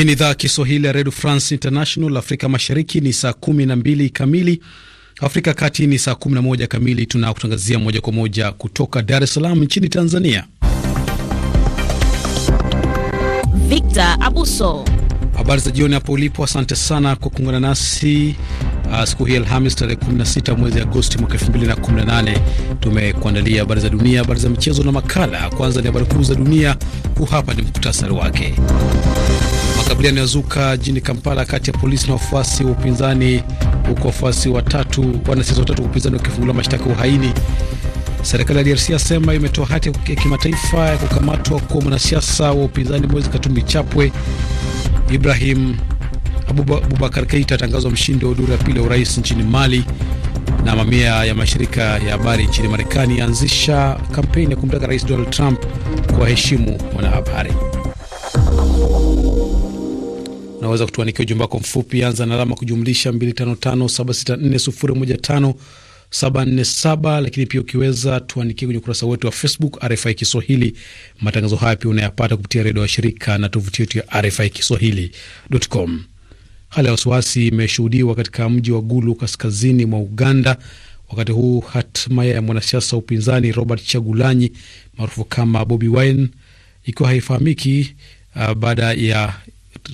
Hii ni idhaa Kiswahili ya Redio France International. Afrika Mashariki ni saa kumi na mbili kamili, Afrika Kati ni saa kumi na moja kamili. Tunakutangazia moja kwa moja kutoka Dar es Salaam nchini Tanzania. Victor Abuso, habari za jioni hapo ulipo. Asante sana kwa kuungana nasi uh, siku hii Alhamis tarehe 16 mwezi Agosti mwaka 2018. Tumekuandalia habari za dunia, habari za michezo na makala. Kwanza ni habari kuu za dunia, huu hapa ni muktasari wake makabiliano yazuka jini Kampala kati ya polisi na wafuasi wa upinzani, huku wafuasi watatu wanasiasa watatu wa upinzani wakifunguliwa mashtaka ya uhaini. Serikali ya DRC yasema imetoa hati ya kimataifa ya kukamatwa kwa mwanasiasa wa upinzani Moise Katumbi Chapwe. Ibrahim Abubakar Keita atangazwa mshindi wa duru ya pili ya urais nchini Mali, na mamia ya mashirika ya habari nchini Marekani yaanzisha kampeni ya kumtaka Rais Donald Trump kuwaheshimu wanahabari. Unaweza kutuandikia ujumbe wako mfupi, anza na alama kujumlisha 255764015747. Lakini pia ukiweza tuandikie kwenye ukurasa wetu wa Facebook RFI Kiswahili. Matangazo haya pia unayapata kupitia redio wa shirika na tovuti yetu ya RFI Kiswahili.com. Hali ya wasiwasi imeshuhudiwa katika mji wa Gulu kaskazini mwa Uganda wakati huu hatma ya mwanasiasa wa upinzani Robert Chagulanyi maarufu kama Bobi Wine ikiwa haifahamiki, uh, baada ya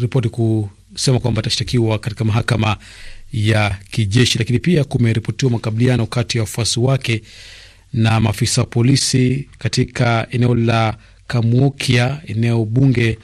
ripoti kusema kwamba atashtakiwa katika mahakama ya kijeshi, lakini pia kumeripotiwa makabiliano kati ya wafuasi wake na maafisa wa polisi katika eneo la Kamuokia, eneo bunge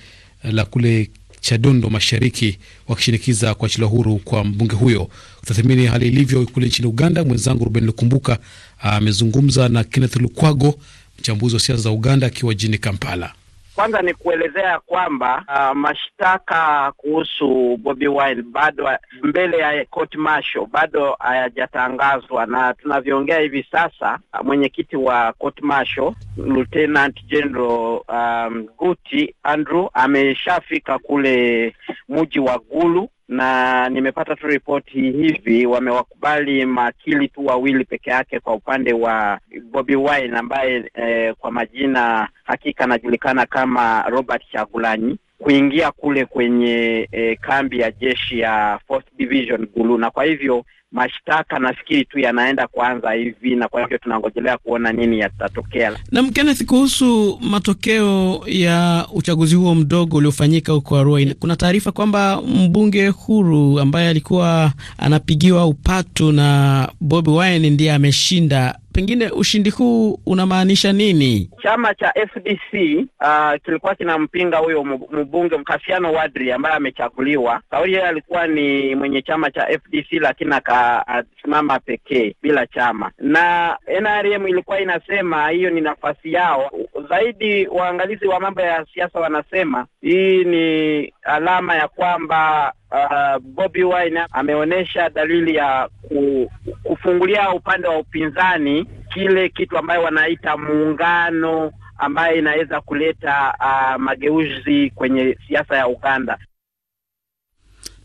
la kule Chadondo Mashariki, wakishinikiza kuachiliwa huru kwa mbunge huyo. Kutathimini hali ilivyo kule nchini Uganda, mwenzangu Ruben Lukumbuka ah, amezungumza na Kenneth Lukwago, mchambuzi wa siasa za Uganda akiwa jijini Kampala. Kwanza ni kuelezea kwamba uh, mashtaka kuhusu Bobi Wine bado mbele ya court martial bado hayajatangazwa, na tunavyoongea hivi sasa uh, mwenyekiti wa court martial Lieutenant General um, Guti Andrew ameshafika kule mji wa Gulu na nimepata tu ripoti hivi, wamewakubali makili tu wawili peke yake kwa upande wa Bobi Wine ambaye eh, kwa majina hakika anajulikana kama Robert Chagulanyi kuingia kule kwenye eh, kambi ya jeshi ya Fourth Division Gulu, na kwa hivyo mashtaka nafikiri tu yanaenda kwanza hivi, na kwa hivyo tunangojelea kuona nini yatatokea. Na Kenneth, kuhusu matokeo ya uchaguzi huo mdogo uliofanyika huko Arua, kuna taarifa kwamba mbunge huru ambaye alikuwa anapigiwa upatu na Bobi Wine ndiye ameshinda. Pengine ushindi huu unamaanisha nini? Chama cha FDC uh, ah, kilikuwa kinampinga huyo mbunge Mkasiano Wadri ambaye amechaguliwa. Kauli yeye alikuwa ni mwenye chama cha FDC, lakini akasimama pekee bila chama, na NRM ilikuwa inasema hiyo ni nafasi yao. Zaidi waangalizi wa mambo ya siasa wanasema hii ni alama ya kwamba uh, Bobi Wine ameonyesha dalili ya ku, kufungulia upande wa upinzani kile kitu ambayo wanaita muungano ambaye inaweza kuleta uh, mageuzi kwenye siasa ya Uganda.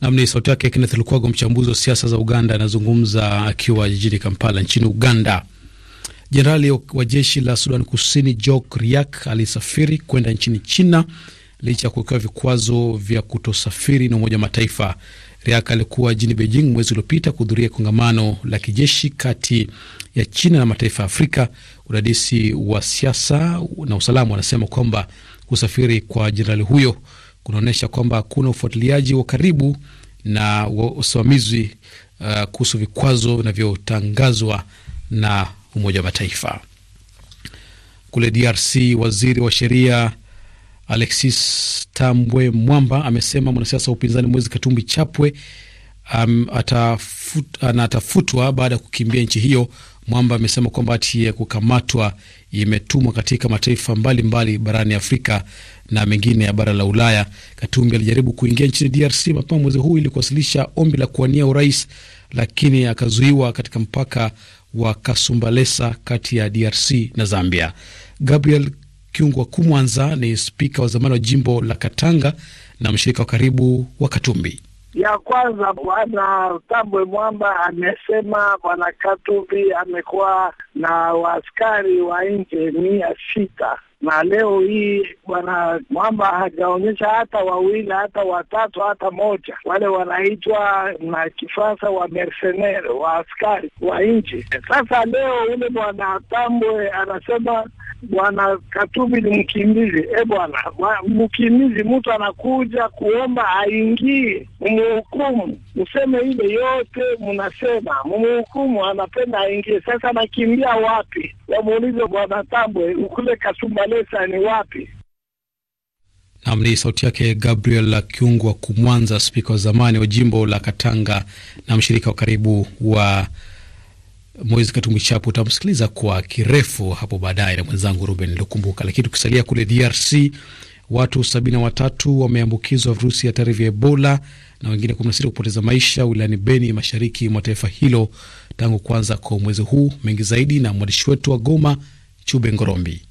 Nam ni sauti yake Kenneth Lukwago, mchambuzi wa siasa za Uganda, anazungumza akiwa jijini Kampala nchini Uganda. Jenerali wa jeshi la Sudan Kusini Jok Riak alisafiri kwenda nchini China licha ya kuwekewa vikwazo vya kutosafiri na Umoja wa Mataifa. Riaka alikuwa jini Beijing mwezi uliopita kuhudhuria kongamano la kijeshi kati ya China na mataifa ya Afrika. Udadisi wa siasa na usalama wanasema kwamba kusafiri kwa jenerali huyo kunaonyesha kwamba hakuna ufuatiliaji wa karibu na usimamizi uh, kuhusu vikwazo vinavyotangazwa na Umoja wa Mataifa. Kule DRC, waziri wa sheria Alexis Tambwe Mwamba amesema mwanasiasa wa upinzani Mwezi Katumbi Chapwe um, atafut, atafutwa baada ya kukimbia nchi hiyo. Mwamba amesema kwamba hati ya kukamatwa imetumwa katika mataifa mbalimbali mbali barani Afrika na mengine ya bara la Ulaya. Katumbi alijaribu kuingia nchini DRC mapema mwezi huu ili kuwasilisha ombi la kuwania urais, lakini akazuiwa katika mpaka wa Kasumbalesa kati ya DRC na Zambia. Gabriel Kiungwa Kumwanza ni spika wa zamani wa jimbo la Katanga na mshirika wa karibu wa Katumbi. Ya kwanza, Bwana Tambwe Mwamba amesema Bwana Katumbi amekuwa na waaskari wa nje mia sita na leo hii bwana Mwamba hajaonyesha hata wawili hata watatu hata moja. Wale wanaitwa na kifasa wa mercenaire wa askari wa nchi. Sasa leo ule bwana Tambwe anasema Bwana Katumbi ni mkimbizi. E bwana, mkimbizi mtu anakuja kuomba aingie, mmuhukumu, mseme ile yote mnasema, mmuhukumu, anapenda aingie. Sasa anakimbia wapi? Wamuulize bwana Tambwe ukule Kasumbalesa ni wapi? Nam, ni sauti yake Gabriel Kiungwa Kumwanza, spika wa zamani wa jimbo la Katanga na mshirika wa karibu wa Moise Katumbi Chapo. Utamsikiliza kwa kirefu hapo baadaye na mwenzangu Ruben Lukumbuka. Lakini tukisalia kule DRC, watu watatu wameambukizwa virusi hatari vya Ebola na wengine 16 kupoteza maisha wilayani Beni, mashariki mwa taifa hilo tangu kuanza kwa mwezi huu. Mengi zaidi na mwandishi wetu wa Goma, Chube Ngorombi.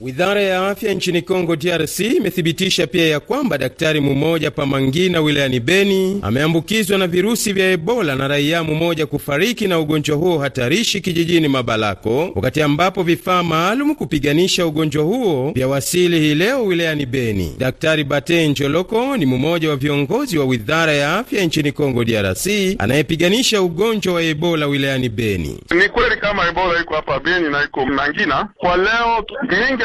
Wizara ya afya nchini congo DRC imethibitisha pia ya kwamba daktari mmoja Pamangina wilayani Beni ameambukizwa na virusi vya Ebola na raia mmoja kufariki na ugonjwa huo hatarishi kijijini Mabalako, wakati ambapo vifaa maalum kupiganisha ugonjwa huo vya wasili hii leo wilayani Beni. Daktari Bate Njoloko ni mmoja wa viongozi wa wizara ya afya nchini Kongo DRC anayepiganisha ugonjwa wa Ebola wilayani Beni. Ni kweli kama Ebola iko hapa Beni na iko Mangina kwa leo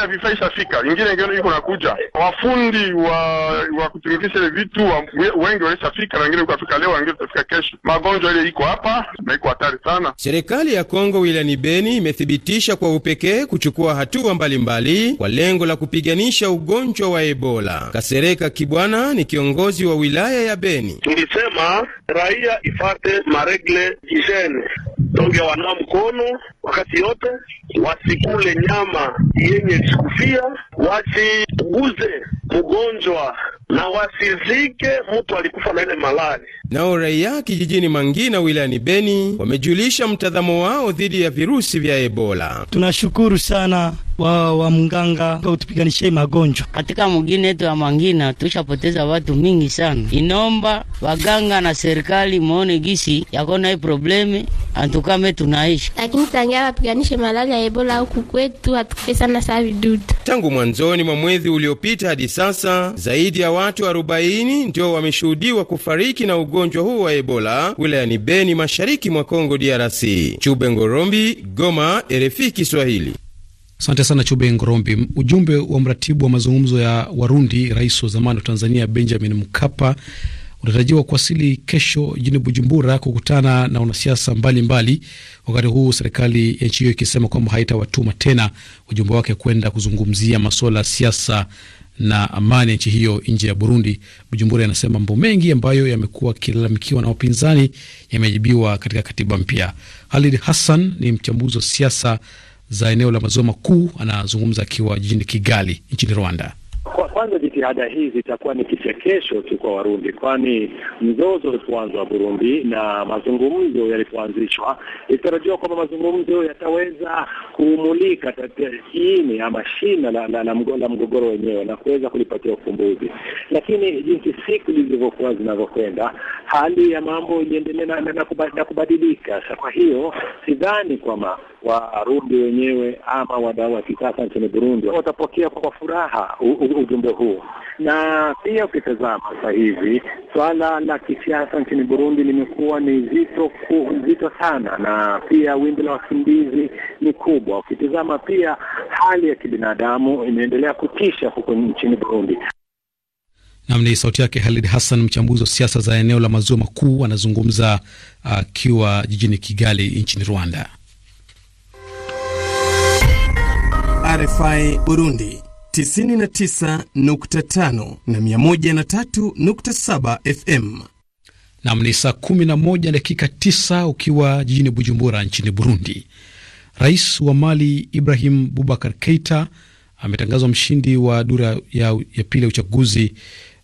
moja ya vifaa ishafika, ingine ingine iko nakuja. Wafundi wa wa kutumikisha ile vitu wa, wengi walishafika na wengine kufika leo, wengine kufika kesho. Magonjwa ile iko hapa na iko hatari sana. Serikali ya Kongo wilayani Beni imethibitisha kwa upekee kuchukua hatua mbalimbali kwa lengo la kupiganisha ugonjwa wa Ebola. Kasereka Kibwana ni kiongozi wa wilaya ya Beni. Tulisema raia ifate maregle hijene, tonge wana mkono wakati yote wasikule nyama yenye sikufia, wasiguze mgonjwa na wasizike mtu alikufa na ile malali. Nao raia kijijini Mangina wilayani Beni wamejulisha mtazamo wao dhidi ya virusi vya Ebola. Tunashukuru sana wa, wa mganga kutupiganisha magonjwa katika mugini yetu ya Mangina. Tushapoteza watu mingi sana, inomba waganga na serikali mwone gisi yakona hii problemi antukame tunaishi, lakini tangia wapiganishe malaria ya Ebola huku kwetu hatukufe sana saa vidudu. Tangu mwanzoni mwa mwezi uliopita hadi sasa zaidi ya watu arobaini ndio wameshuhudiwa kufariki na ugonjwa ugonjwa huu wa Ebola wilayani Beni, mashariki mwa Kongo DRC. Chube Ngorombi, Goma, RFI Kiswahili. Asante sana Chube Ngorombi. Ujumbe wa mratibu wa mazungumzo ya Warundi, rais wa zamani wa Tanzania Benjamin Mkapa unatarajiwa kuwasili kesho jijini Bujumbura kukutana na wanasiasa mbalimbali, wakati huu serikali ya nchi hiyo ikisema kwamba haitawatuma tena ujumbe wake kwenda kuzungumzia masuala ya siasa na amani ya nchi hiyo nje ya Burundi. Bujumbura anasema mambo mengi ambayo yamekuwa akilalamikiwa na wapinzani yamejibiwa katika katiba mpya. Halid Hassan ni mchambuzi wa siasa za eneo la maziwa makuu, anazungumza akiwa jijini Kigali nchini Rwanda kwanza jitihada hizi zitakuwa ni kichekesho tu kwa Warundi, kwani mzozo ulipoanzwa Burundi na mazungumzo yalipoanzishwa, ilitarajiwa kwamba mazungumzo yataweza kuumulika ini ama shina la, la, la, la mgogoro wenyewe na kuweza kulipatia ufumbuzi, lakini jinsi siku zilivyokuwa zinavyokwenda, hali ya mambo iliendelea na, na, na kubadilika. kwa hiyo sidhani kwamba Warundi wenyewe ama wadau wa kisasa nchini Burundi watapokea kwa furaha u, muundo huu. Na pia ukitazama sasa hivi swala la kisiasa nchini Burundi limekuwa ni zito ku, zito sana, na pia wimbi la wakimbizi ni kubwa. Ukitazama pia hali ya kibinadamu imeendelea kutisha huko nchini Burundi. Nam ni sauti yake Halid Hassan, mchambuzi wa siasa za eneo la maziwa makuu, anazungumza uh, akiwa uh, jijini Kigali nchini Rwanda. RFI Burundi 99.5 na 103.7 FM. Nam ni saa 11 dakika tisa ukiwa jijini Bujumbura nchini Burundi. Rais wa Mali Ibrahim Bubakar Keita ametangazwa mshindi wa dura ya, ya pili ya uchaguzi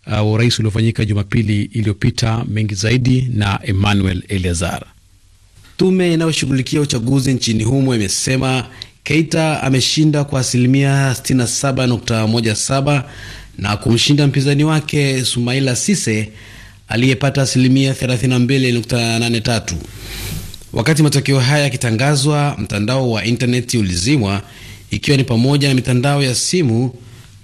uh, wa urais uliofanyika Jumapili iliyopita. Mengi zaidi na Emmanuel Eleazar. Tume inayoshughulikia uchaguzi nchini humo imesema Keita ameshinda kwa asilimia 67.17 na kumshinda mpinzani wake Sumaila Sise aliyepata asilimia 32.83. Wakati matokeo haya yakitangazwa, mtandao wa intaneti ulizimwa, ikiwa ni pamoja na mitandao ya simu,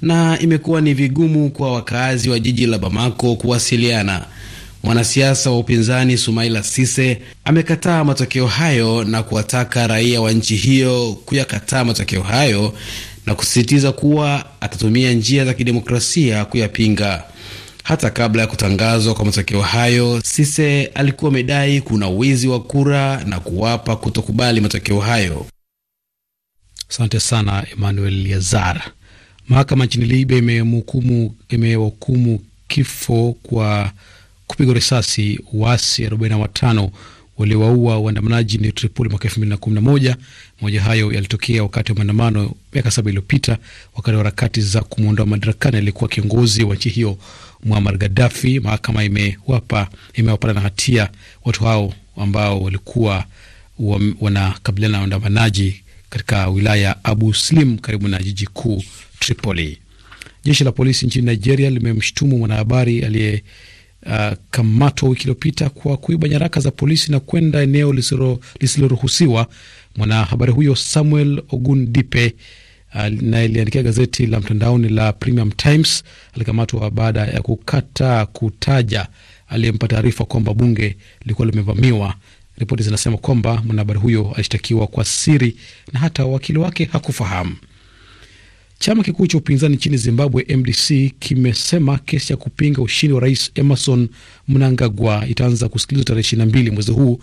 na imekuwa ni vigumu kwa wakaazi wa jiji la Bamako kuwasiliana. Mwanasiasa wa upinzani Sumaila Sise amekataa matokeo hayo na kuwataka raia wa nchi hiyo kuyakataa matokeo hayo na kusisitiza kuwa atatumia njia za kidemokrasia kuyapinga. Hata kabla ya kutangazwa kwa matokeo hayo, Sise alikuwa amedai kuna wizi wa kura na kuwapa kutokubali matokeo hayo. Asante sana Emmanuel Yazar. Mahakama nchini Libya imewahukumu kifo kwa kupigwa risasi waasi 45 waliowaua waandamanaji ni Tripoli mwaka 2011. Mmoja hayo yalitokea wakati wa maandamano miaka saba iliyopita, wakati wa harakati za kumwondoa madarakani aliyekuwa kiongozi wa nchi hiyo Muammar Gaddafi. Mahakama imewapa imewapata na hatia watu hao ambao walikuwa wanakabiliana na waandamanaji katika wilaya Abu Slim karibu na jiji kuu Tripoli. Jeshi la polisi nchini Nigeria limemshutumu mwanahabari aliye uh, kamatwa wiki iliyopita kwa kuiba nyaraka za polisi na kwenda eneo lisiloruhusiwa. Mwanahabari huyo Samuel Ogundipe anayeliandikia uh, gazeti la mtandaoni la Premium Times alikamatwa baada ya kukataa kutaja aliyempa taarifa kwamba bunge lilikuwa limevamiwa. Ripoti zinasema kwamba mwanahabari huyo alishtakiwa kwa siri na hata wakili wake hakufahamu. Chama kikuu cha upinzani nchini Zimbabwe, MDC, kimesema kesi ya kupinga ushindi wa rais Emerson Mnangagwa itaanza kusikilizwa tarehe ishirini na mbili mwezi huu.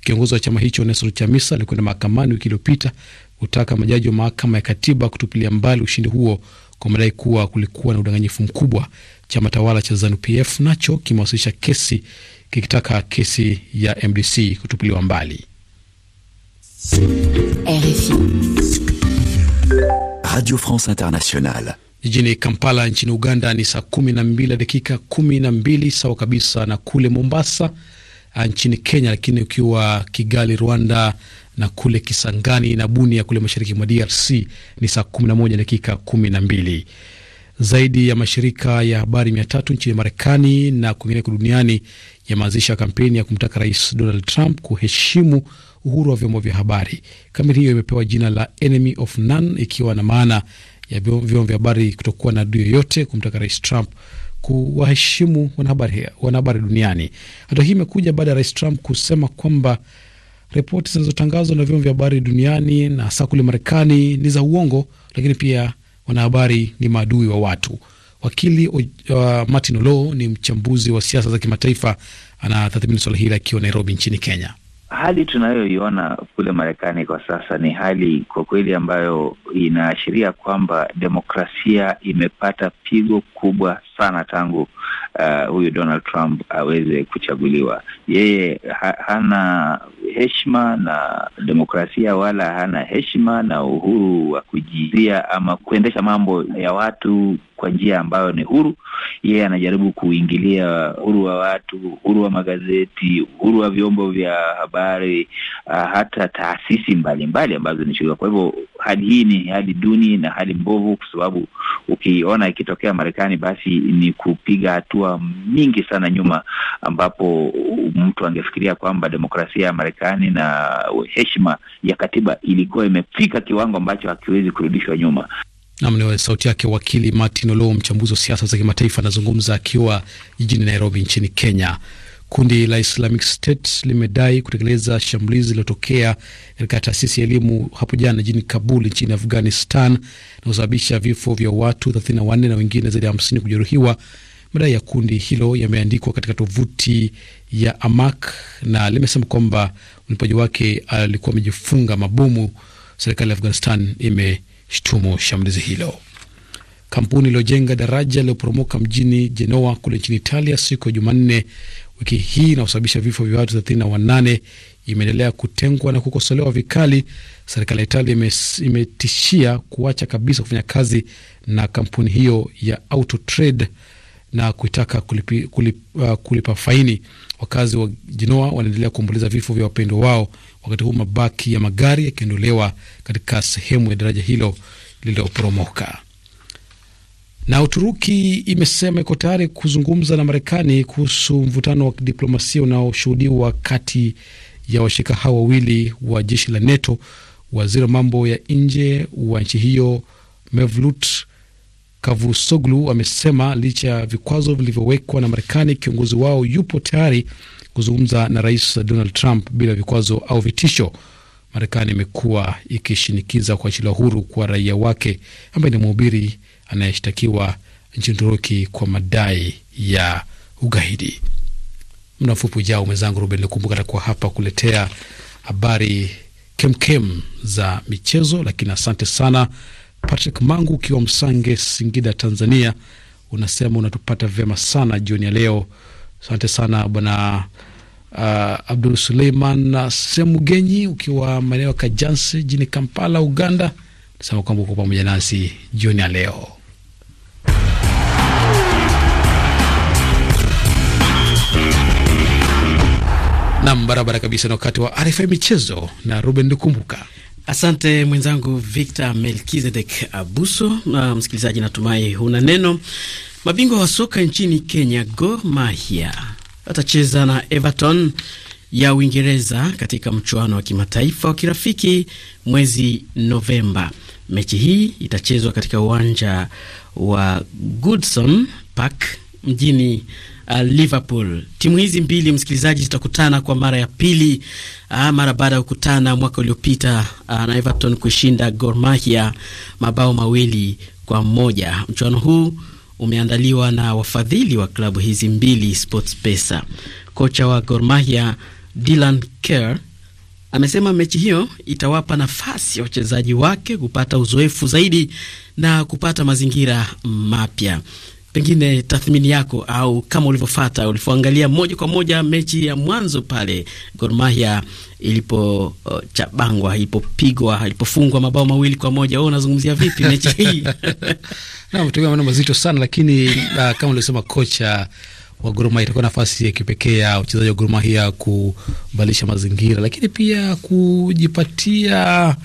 Kiongozi wa chama hicho Nelson Chamisa alikwenda mahakamani wiki iliyopita kutaka majaji wa mahakama ya katiba kutupilia mbali ushindi huo kwa madai kuwa kulikuwa na udanganyifu mkubwa. Chama tawala cha ZANUPF nacho kimewasilisha kesi kikitaka kesi ya MDC kutupiliwa mbali. RFI. Radio France Internationale. Jijini Kampala nchini Uganda ni saa kumi na mbili dakika kumi na mbili sawa kabisa na kule Mombasa ah, nchini Kenya, lakini ukiwa Kigali Rwanda na kule Kisangani na Bunia kule mashariki mwa DRC ni saa kumi na moja dakika kumi na mbili. Zaidi ya mashirika ya habari mia tatu nchini Marekani na kwingineko duniani yameanzisha kampeni ya kumtaka Rais Donald Trump kuheshimu uhuru wa vyombo vya habari. Kamati hiyo imepewa jina la Enemy of None, ikiwa na maana ya vyombo vya habari kutokuwa na adui yoyote, kumtaka Rais Trump kuwaheshimu wanahabari, wanahabari duniani. Hata hii imekuja baada ya Rais Trump kusema kwamba ripoti zinazotangazwa na vyombo vya habari duniani na hasa kule Marekani ni za uongo, lakini pia wanahabari ni maadui wa watu. Wakili uh, Martin Olo ni mchambuzi wa siasa za kimataifa, anatathmini swala hili akiwa Nairobi nchini Kenya. Hali tunayoiona kule Marekani kwa sasa ni hali kwa kweli ambayo inaashiria kwamba demokrasia imepata pigo kubwa sana tangu uh, huyu Donald Trump aweze kuchaguliwa. Yeye ha hana heshima na demokrasia wala hana heshima na uhuru wa kujiia ama kuendesha mambo ya watu kwa njia ambayo ni huru yeye anajaribu kuingilia uhuru wa watu, uhuru wa magazeti, uhuru wa vyombo vya habari, uh, hata taasisi mbalimbali ambazo ni. Kwa hivyo hali hii ni hali duni na hali mbovu, kwa sababu ukiona ikitokea Marekani basi ni kupiga hatua mingi sana nyuma, ambapo mtu angefikiria kwamba demokrasia ya Marekani na heshima ya katiba ilikuwa imefika kiwango ambacho hakiwezi kurudishwa nyuma ni sauti yake wakili Martin Olo, mchambuzi wa siasa za kimataifa, anazungumza akiwa jijini Nairobi nchini Kenya. Kundi la Islamic State limedai kutekeleza shambulizi lililotokea katika taasisi ya elimu hapo jana jijini Kabul nchini Afghanistan na kusababisha vifo vya watu 34 na wengine zaidi ya 50 kujeruhiwa. Madai ya kundi hilo yameandikwa katika tovuti ya Amak na limesema kwamba mlipaji wake alikuwa amejifunga mabomu. Serikali ya Afghanistan ime shtumu shambulizi hilo. Kampuni iliyojenga daraja liloporomoka mjini jenoa kule nchini Italia siku ya Jumanne wiki hii inaosababisha vifo vya watu 38 imeendelea kutengwa na kukosolewa vikali. Serikali ya Italia imetishia kuacha kabisa kufanya kazi na kampuni hiyo ya Autotrade na kuitaka kulipi, kulip, uh, kulipa faini. Wakazi wa jenoa wanaendelea kuomboleza vifo vya wapendwa wao wakati huu mabaki ya magari yakiondolewa katika sehemu ya daraja hilo lililoporomoka. Na Uturuki imesema iko tayari kuzungumza na Marekani kuhusu mvutano wa kidiplomasia unaoshuhudiwa kati ya washirika hao wawili wa jeshi la NATO. Waziri wa mambo ya nje wa nchi hiyo Mevlut Kavusoglu amesema licha ya vikwazo vilivyowekwa na Marekani, kiongozi wao yupo tayari kuzungumza na Rais Donald Trump bila vikwazo au vitisho. Marekani imekuwa ikishinikiza kuachiliwa huru kwa raia wake ambaye ni mhubiri anayeshtakiwa nchini Uturuki kwa madai ya ugaidi. Muda mfupi ujao, mwenzangu Ruben Likumbuka atakuwa hapa kuletea habari kemkem za michezo, lakini asante sana Patrick Mangu ukiwa Msange, Singida, Tanzania, unasema unatupata vyema sana jioni ya leo. Asante sana bwana uh, Abdul Suleiman Semugenyi ukiwa maeneo ya Kajansi jini Kampala, Uganda. Nasema kwamba uko pamoja nasi jioni ya leo. Nam, barabara kabisa na wakati wa arifa ya michezo na Ruben Dukumbuka. Asante mwenzangu Victor Melkizedek Abuso. Na msikilizaji, natumai huna neno Mabingwa wa soka nchini Kenya, Gor Mahia watacheza na Everton ya Uingereza katika mchuano wa kimataifa wa kirafiki mwezi Novemba. Mechi hii itachezwa katika uwanja wa Goodson Park mjini uh, Liverpool. Timu hizi mbili, msikilizaji, zitakutana kwa mara ya pili uh, mara baada ya kukutana mwaka uliopita uh, na Everton kushinda Gor Mahia mabao mawili kwa moja. Mchuano huu umeandaliwa na wafadhili wa klabu hizi mbili SportPesa. Kocha wa Gor Mahia Dylan Kerr amesema mechi hiyo itawapa nafasi ya wachezaji wake kupata uzoefu zaidi na kupata mazingira mapya. Pengine tathmini yako au kama ulivyofata ulivyoangalia moja kwa moja mechi ya mwanzo pale Gor Mahia ilipochabangwa, uh, ilipopigwa, ilipofungwa mabao mawili kwa moja, wewe unazungumzia vipi mechi hii? na maneno mazito sana lakini, uh, kama ulivyosema kocha wa Gor Mahia itakuwa nafasi ya kipekee ya wachezaji wa Gor Mahia kubadilisha mazingira, lakini pia kujipatia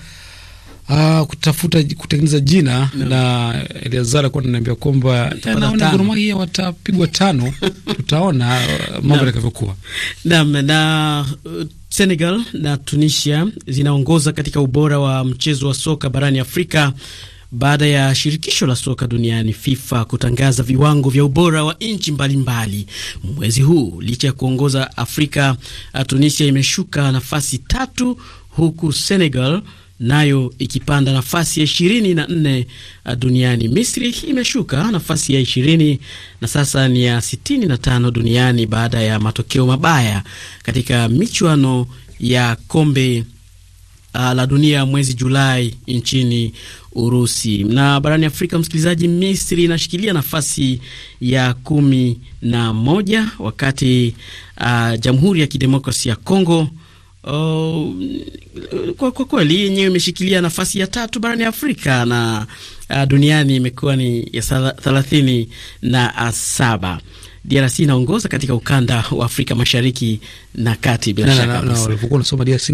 Uh, kutafuta kutengeneza jina no. na Eliazara kuwa naniambia kwamba naona Gor Mahia watapigwa tano, tutaona ah, mambo yatakavyokuwa. Naam, na uh, Senegal na Tunisia zinaongoza katika ubora wa mchezo wa soka barani Afrika baada ya shirikisho la soka duniani FIFA kutangaza viwango vya ubora wa nchi mbalimbali mwezi huu. Licha ya kuongoza Afrika, uh, Tunisia imeshuka nafasi tatu, huku Senegal nayo ikipanda nafasi ya ishirini na nne uh, duniani. Misri imeshuka nafasi ya ishirini na sasa ni ya sitini na tano duniani baada ya matokeo mabaya katika michuano ya kombe uh, la dunia mwezi Julai nchini Urusi. Na barani Afrika, msikilizaji, Misri inashikilia nafasi ya kumi na moja wakati uh, Jamhuri ya kidemokrasi ya congo Oh, kwa kweli yenyewe imeshikilia nafasi ya tatu barani Afrika na uh, duniani imekuwa ni ya thelathini na saba. DRC inaongoza katika ukanda wa Afrika Mashariki na Kati bila na, shaka. Ulipokuwa unasoma DRC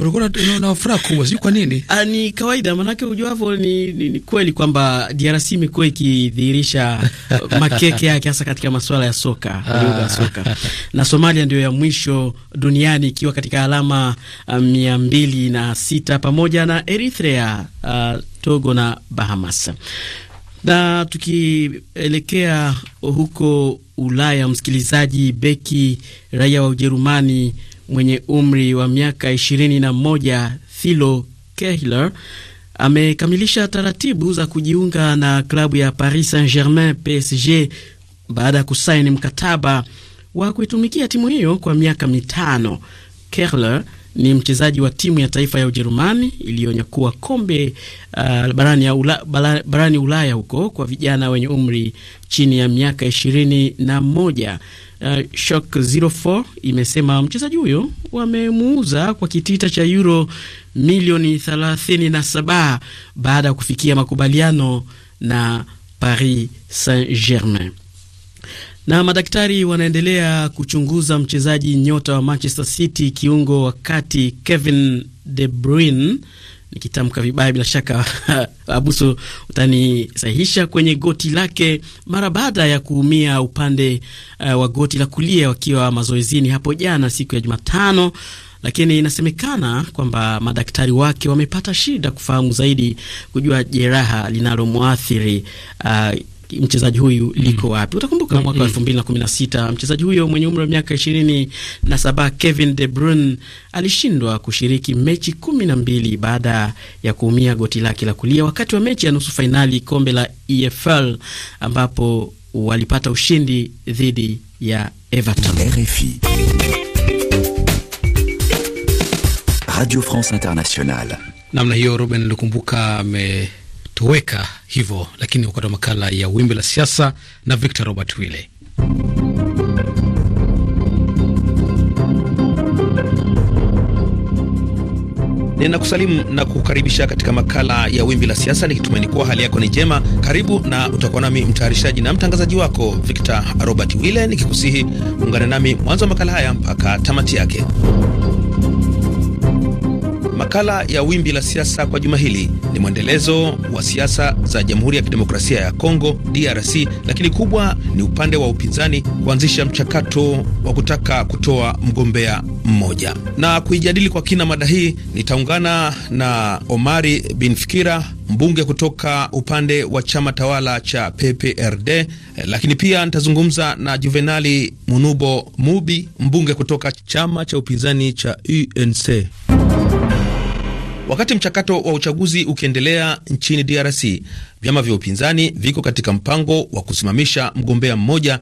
ulikuwa na furaha kubwa, sijui kwa nini. Ah, ni kawaida manake ujuavyo ni, ni, ni kweli kwamba DRC imekuwa ikidhihirisha makeke yake hasa katika masuala ya soka, ya ah. soka. Na Somalia ndio ya mwisho duniani ikiwa katika alama ah, mia mbili na sita pamoja na Eritrea, uh, Togo na Bahamas. Na tukielekea huko Ulaya, msikilizaji, beki raia wa Ujerumani mwenye umri wa miaka 21 Thilo Kehler amekamilisha taratibu za kujiunga na klabu ya Paris Saint-Germain PSG baada ya kusaini mkataba wa kuitumikia timu hiyo kwa miaka mitano. Kehler ni mchezaji wa timu ya taifa ya Ujerumani iliyonyakua kombe uh, barani, ya ula, bala, barani Ulaya huko kwa vijana wenye umri chini ya miaka ishirini na moja. Uh, Shock 04 imesema mchezaji huyo wamemuuza kwa kitita cha euro milioni 37 baada ya kufikia makubaliano na Paris Saint-Germain. Na madaktari wanaendelea kuchunguza mchezaji nyota wa Manchester City kiungo wa kati Kevin De Bruyne, nikitamka vibaya bila shaka Abuso utanisahihisha, kwenye goti lake mara baada ya kuumia upande uh, wa goti la kulia wakiwa mazoezini hapo jana siku ya Jumatano, lakini inasemekana kwamba madaktari wake wamepata shida kufahamu zaidi, kujua jeraha linalomwathiri uh, mchezaji huyu liko mm. wapi. Utakumbuka mwaka wa elfu mbili na kumi na sita mchezaji huyo mwenye umri wa miaka ishirini na saba Kevin De Bruyne alishindwa kushiriki mechi kumi na mbili baada ya kuumia goti lake la kulia wakati wa mechi ya nusu fainali kombe la EFL ambapo walipata ushindi dhidi ya Everton. RFI. Radio France Internationale. Namna hiyo Ruben Lukumbuka ame toweka hivyo, lakini wakati wa makala ya wimbi la siasa na Victor Robert Wile. Ninakusalimu na kukaribisha katika makala ya wimbi la siasa nikitumaini kuwa hali yako ni njema. Karibu na utakuwa nami mtayarishaji na mtangazaji wako Victor Robert Wile, nikikusihi ungane nami mwanzo wa makala haya mpaka tamati yake. Makala ya Wimbi la Siasa kwa juma hili ni mwendelezo wa siasa za Jamhuri ya Kidemokrasia ya Kongo, DRC, lakini kubwa ni upande wa upinzani kuanzisha mchakato wa kutaka kutoa mgombea mmoja. Na kuijadili kwa kina mada hii, nitaungana na Omari Binfikira, mbunge kutoka upande wa chama tawala cha PPRD, lakini pia nitazungumza na Juvenali Munubo Mubi, mbunge kutoka chama cha upinzani cha UNC. Wakati mchakato wa uchaguzi ukiendelea nchini DRC, vyama vya upinzani viko katika mpango wa kusimamisha mgombea mmoja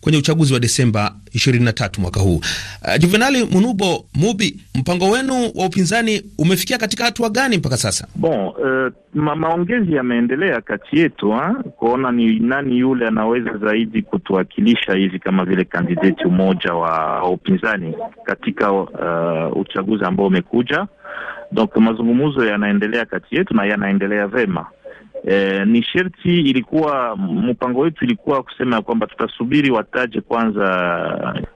kwenye uchaguzi wa Desemba 23 mwaka huu. Uh, Juvenali Munubo Mubi, mpango wenu wa upinzani umefikia katika hatua gani mpaka sasa? Bon, uh, ma maongezi yameendelea kati yetu ah, kuona ni nani yule anaweza zaidi kutuwakilisha hivi kama vile kandideti umoja wa upinzani katika uh, uchaguzi ambao umekuja Donc mazungumzo yanaendelea kati yetu na yanaendelea vema. E, ni sherti, ilikuwa mpango wetu ilikuwa kusema ya kwamba tutasubiri wataje kwanza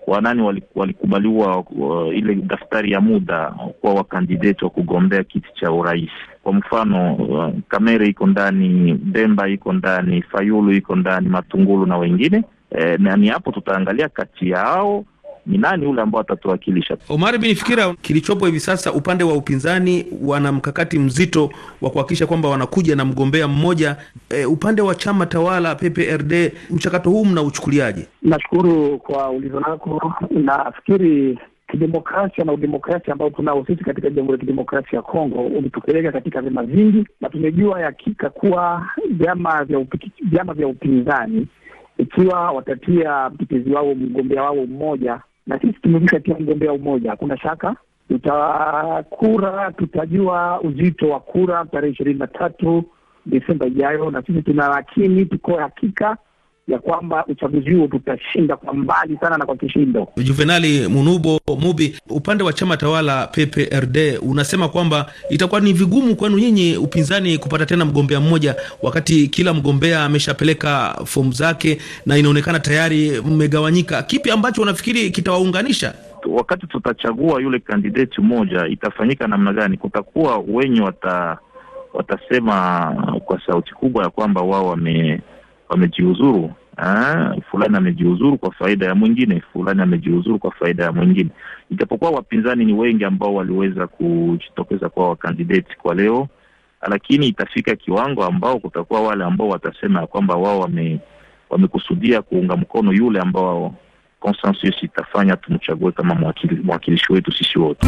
wanani walikubaliwa, uh, ile daftari ya muda kwa wakandideti wa kugombea kiti cha urais. Kwa mfano, uh, Kamere iko ndani, Bemba iko ndani, Fayulu iko ndani, Matungulu na wengine e, na ni hapo tutaangalia kati yao ni nani yule ambao atatuwakilisha. Omar bin Fikira, kilichopo hivi sasa upande wa upinzani wana mkakati mzito wa kuhakikisha kwamba wanakuja na mgombea mmoja e, upande wa chama tawala PPRD, mchakato huu mnauchukuliaje? Nashukuru kwa ulizo lako. Nafikiri kidemokrasia na udemokrasia ambao tunao sisi katika Jamhuri ya Kidemokrasia ya Kongo umetupeleka katika vyama vingi, na tumejua hakika kuwa vyama vya vyama vya upinzani ikiwa watatia mtetezi wao mgombea wao mmoja na sisi tumekwisha pia mgombea umoja, hakuna shaka tutakura, tutajua uzito wa kura tarehe ishirini na tatu Desemba ijayo, na sisi tuna lakini tuko hakika ya kwamba uchaguzi huo tutashinda kwa mbali sana na kwa kishindo. Juvenali Munubo Mubi, upande wa chama tawala PPRD unasema kwamba itakuwa ni vigumu kwenu nyinyi upinzani kupata tena mgombea mmoja, wakati kila mgombea ameshapeleka fomu zake na inaonekana tayari mmegawanyika. Kipi ambacho unafikiri kitawaunganisha? Wakati tutachagua yule kandidati mmoja, itafanyika namna gani? Kutakuwa wenye wata, watasema kwa sauti kubwa ya kwamba wao wame wamejiuzuru, ah, fulani amejiuzuru kwa faida ya mwingine, fulani amejiuzuru kwa faida ya mwingine. Ijapokuwa wapinzani ni wengi ambao waliweza kujitokeza kwa wakandidati kwa leo, lakini itafika kiwango ambao kutakuwa wale ambao watasema ya kwamba wao wame wamekusudia kuunga mkono yule ambao konsensus itafanya tumchague kama mwakilishi wetu sisi wote.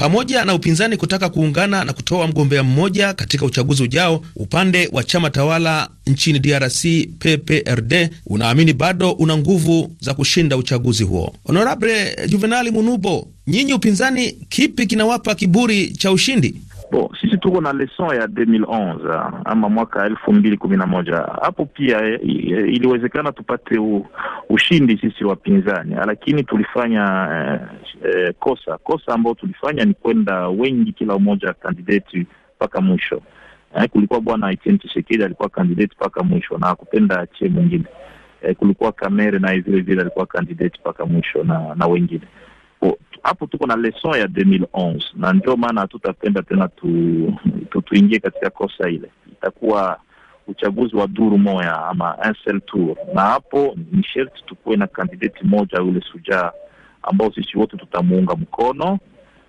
Pamoja na upinzani kutaka kuungana na kutoa mgombea mmoja katika uchaguzi ujao, upande wa chama tawala nchini DRC PPRD unaamini bado una nguvu za kushinda uchaguzi huo. Honorable Juvenali Munubo, nyinyi upinzani, kipi kinawapa kiburi cha ushindi? Bon, sisi tuko na leson ya 2011 ama mwaka elfu mbili kumi na moja hapo pia eh, eh, iliwezekana tupate u, ushindi sisi wapinzani, lakini tulifanya eh, eh, kosa kosa ambayo tulifanya ni kwenda wengi, kila mmoja kandideti mpaka mwisho. Eh, kulikuwa bwana Etienne Tshisekedi alikuwa kandideti mpaka mwisho na akupenda achie mwingine. Eh, kulikuwa Kamere naye vile vile alikuwa kandideti mpaka mwisho na, na wengine hapo tuko na leson ya 2011 na ndio maana hatutapenda tena tuingie tu katika kosa ile. Itakuwa uchaguzi wa duru moya ama nsel tour, na hapo ni sherti tukuwe na kandidati moja yule sujaa ambao sisi wote tutamuunga mkono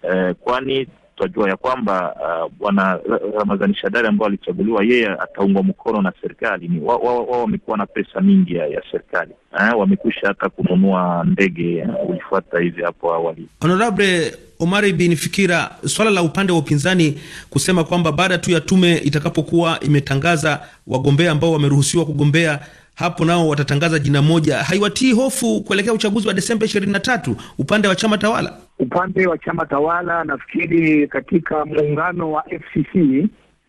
eh, kwani tutajua ya kwamba uh, bwana uh, Ramadhani Shadari ambao alichaguliwa yeye ataungwa mkono na serikali. Ni wao wa, wa, wamekuwa na pesa mingi ya, ya serikali ha, eh, wamekwisha hata kununua ndege uh, ulifuata hivi hapo awali. Honorable Omari bin Fikira, swala la upande wa upinzani kusema kwamba baada tu ya tume itakapokuwa imetangaza wagombea ambao wameruhusiwa kugombea hapo nao watatangaza jina moja, haiwatii hofu kuelekea uchaguzi wa Desemba ishirini na tatu upande wa chama tawala. Upande wa chama tawala, nafikiri katika muungano wa FCC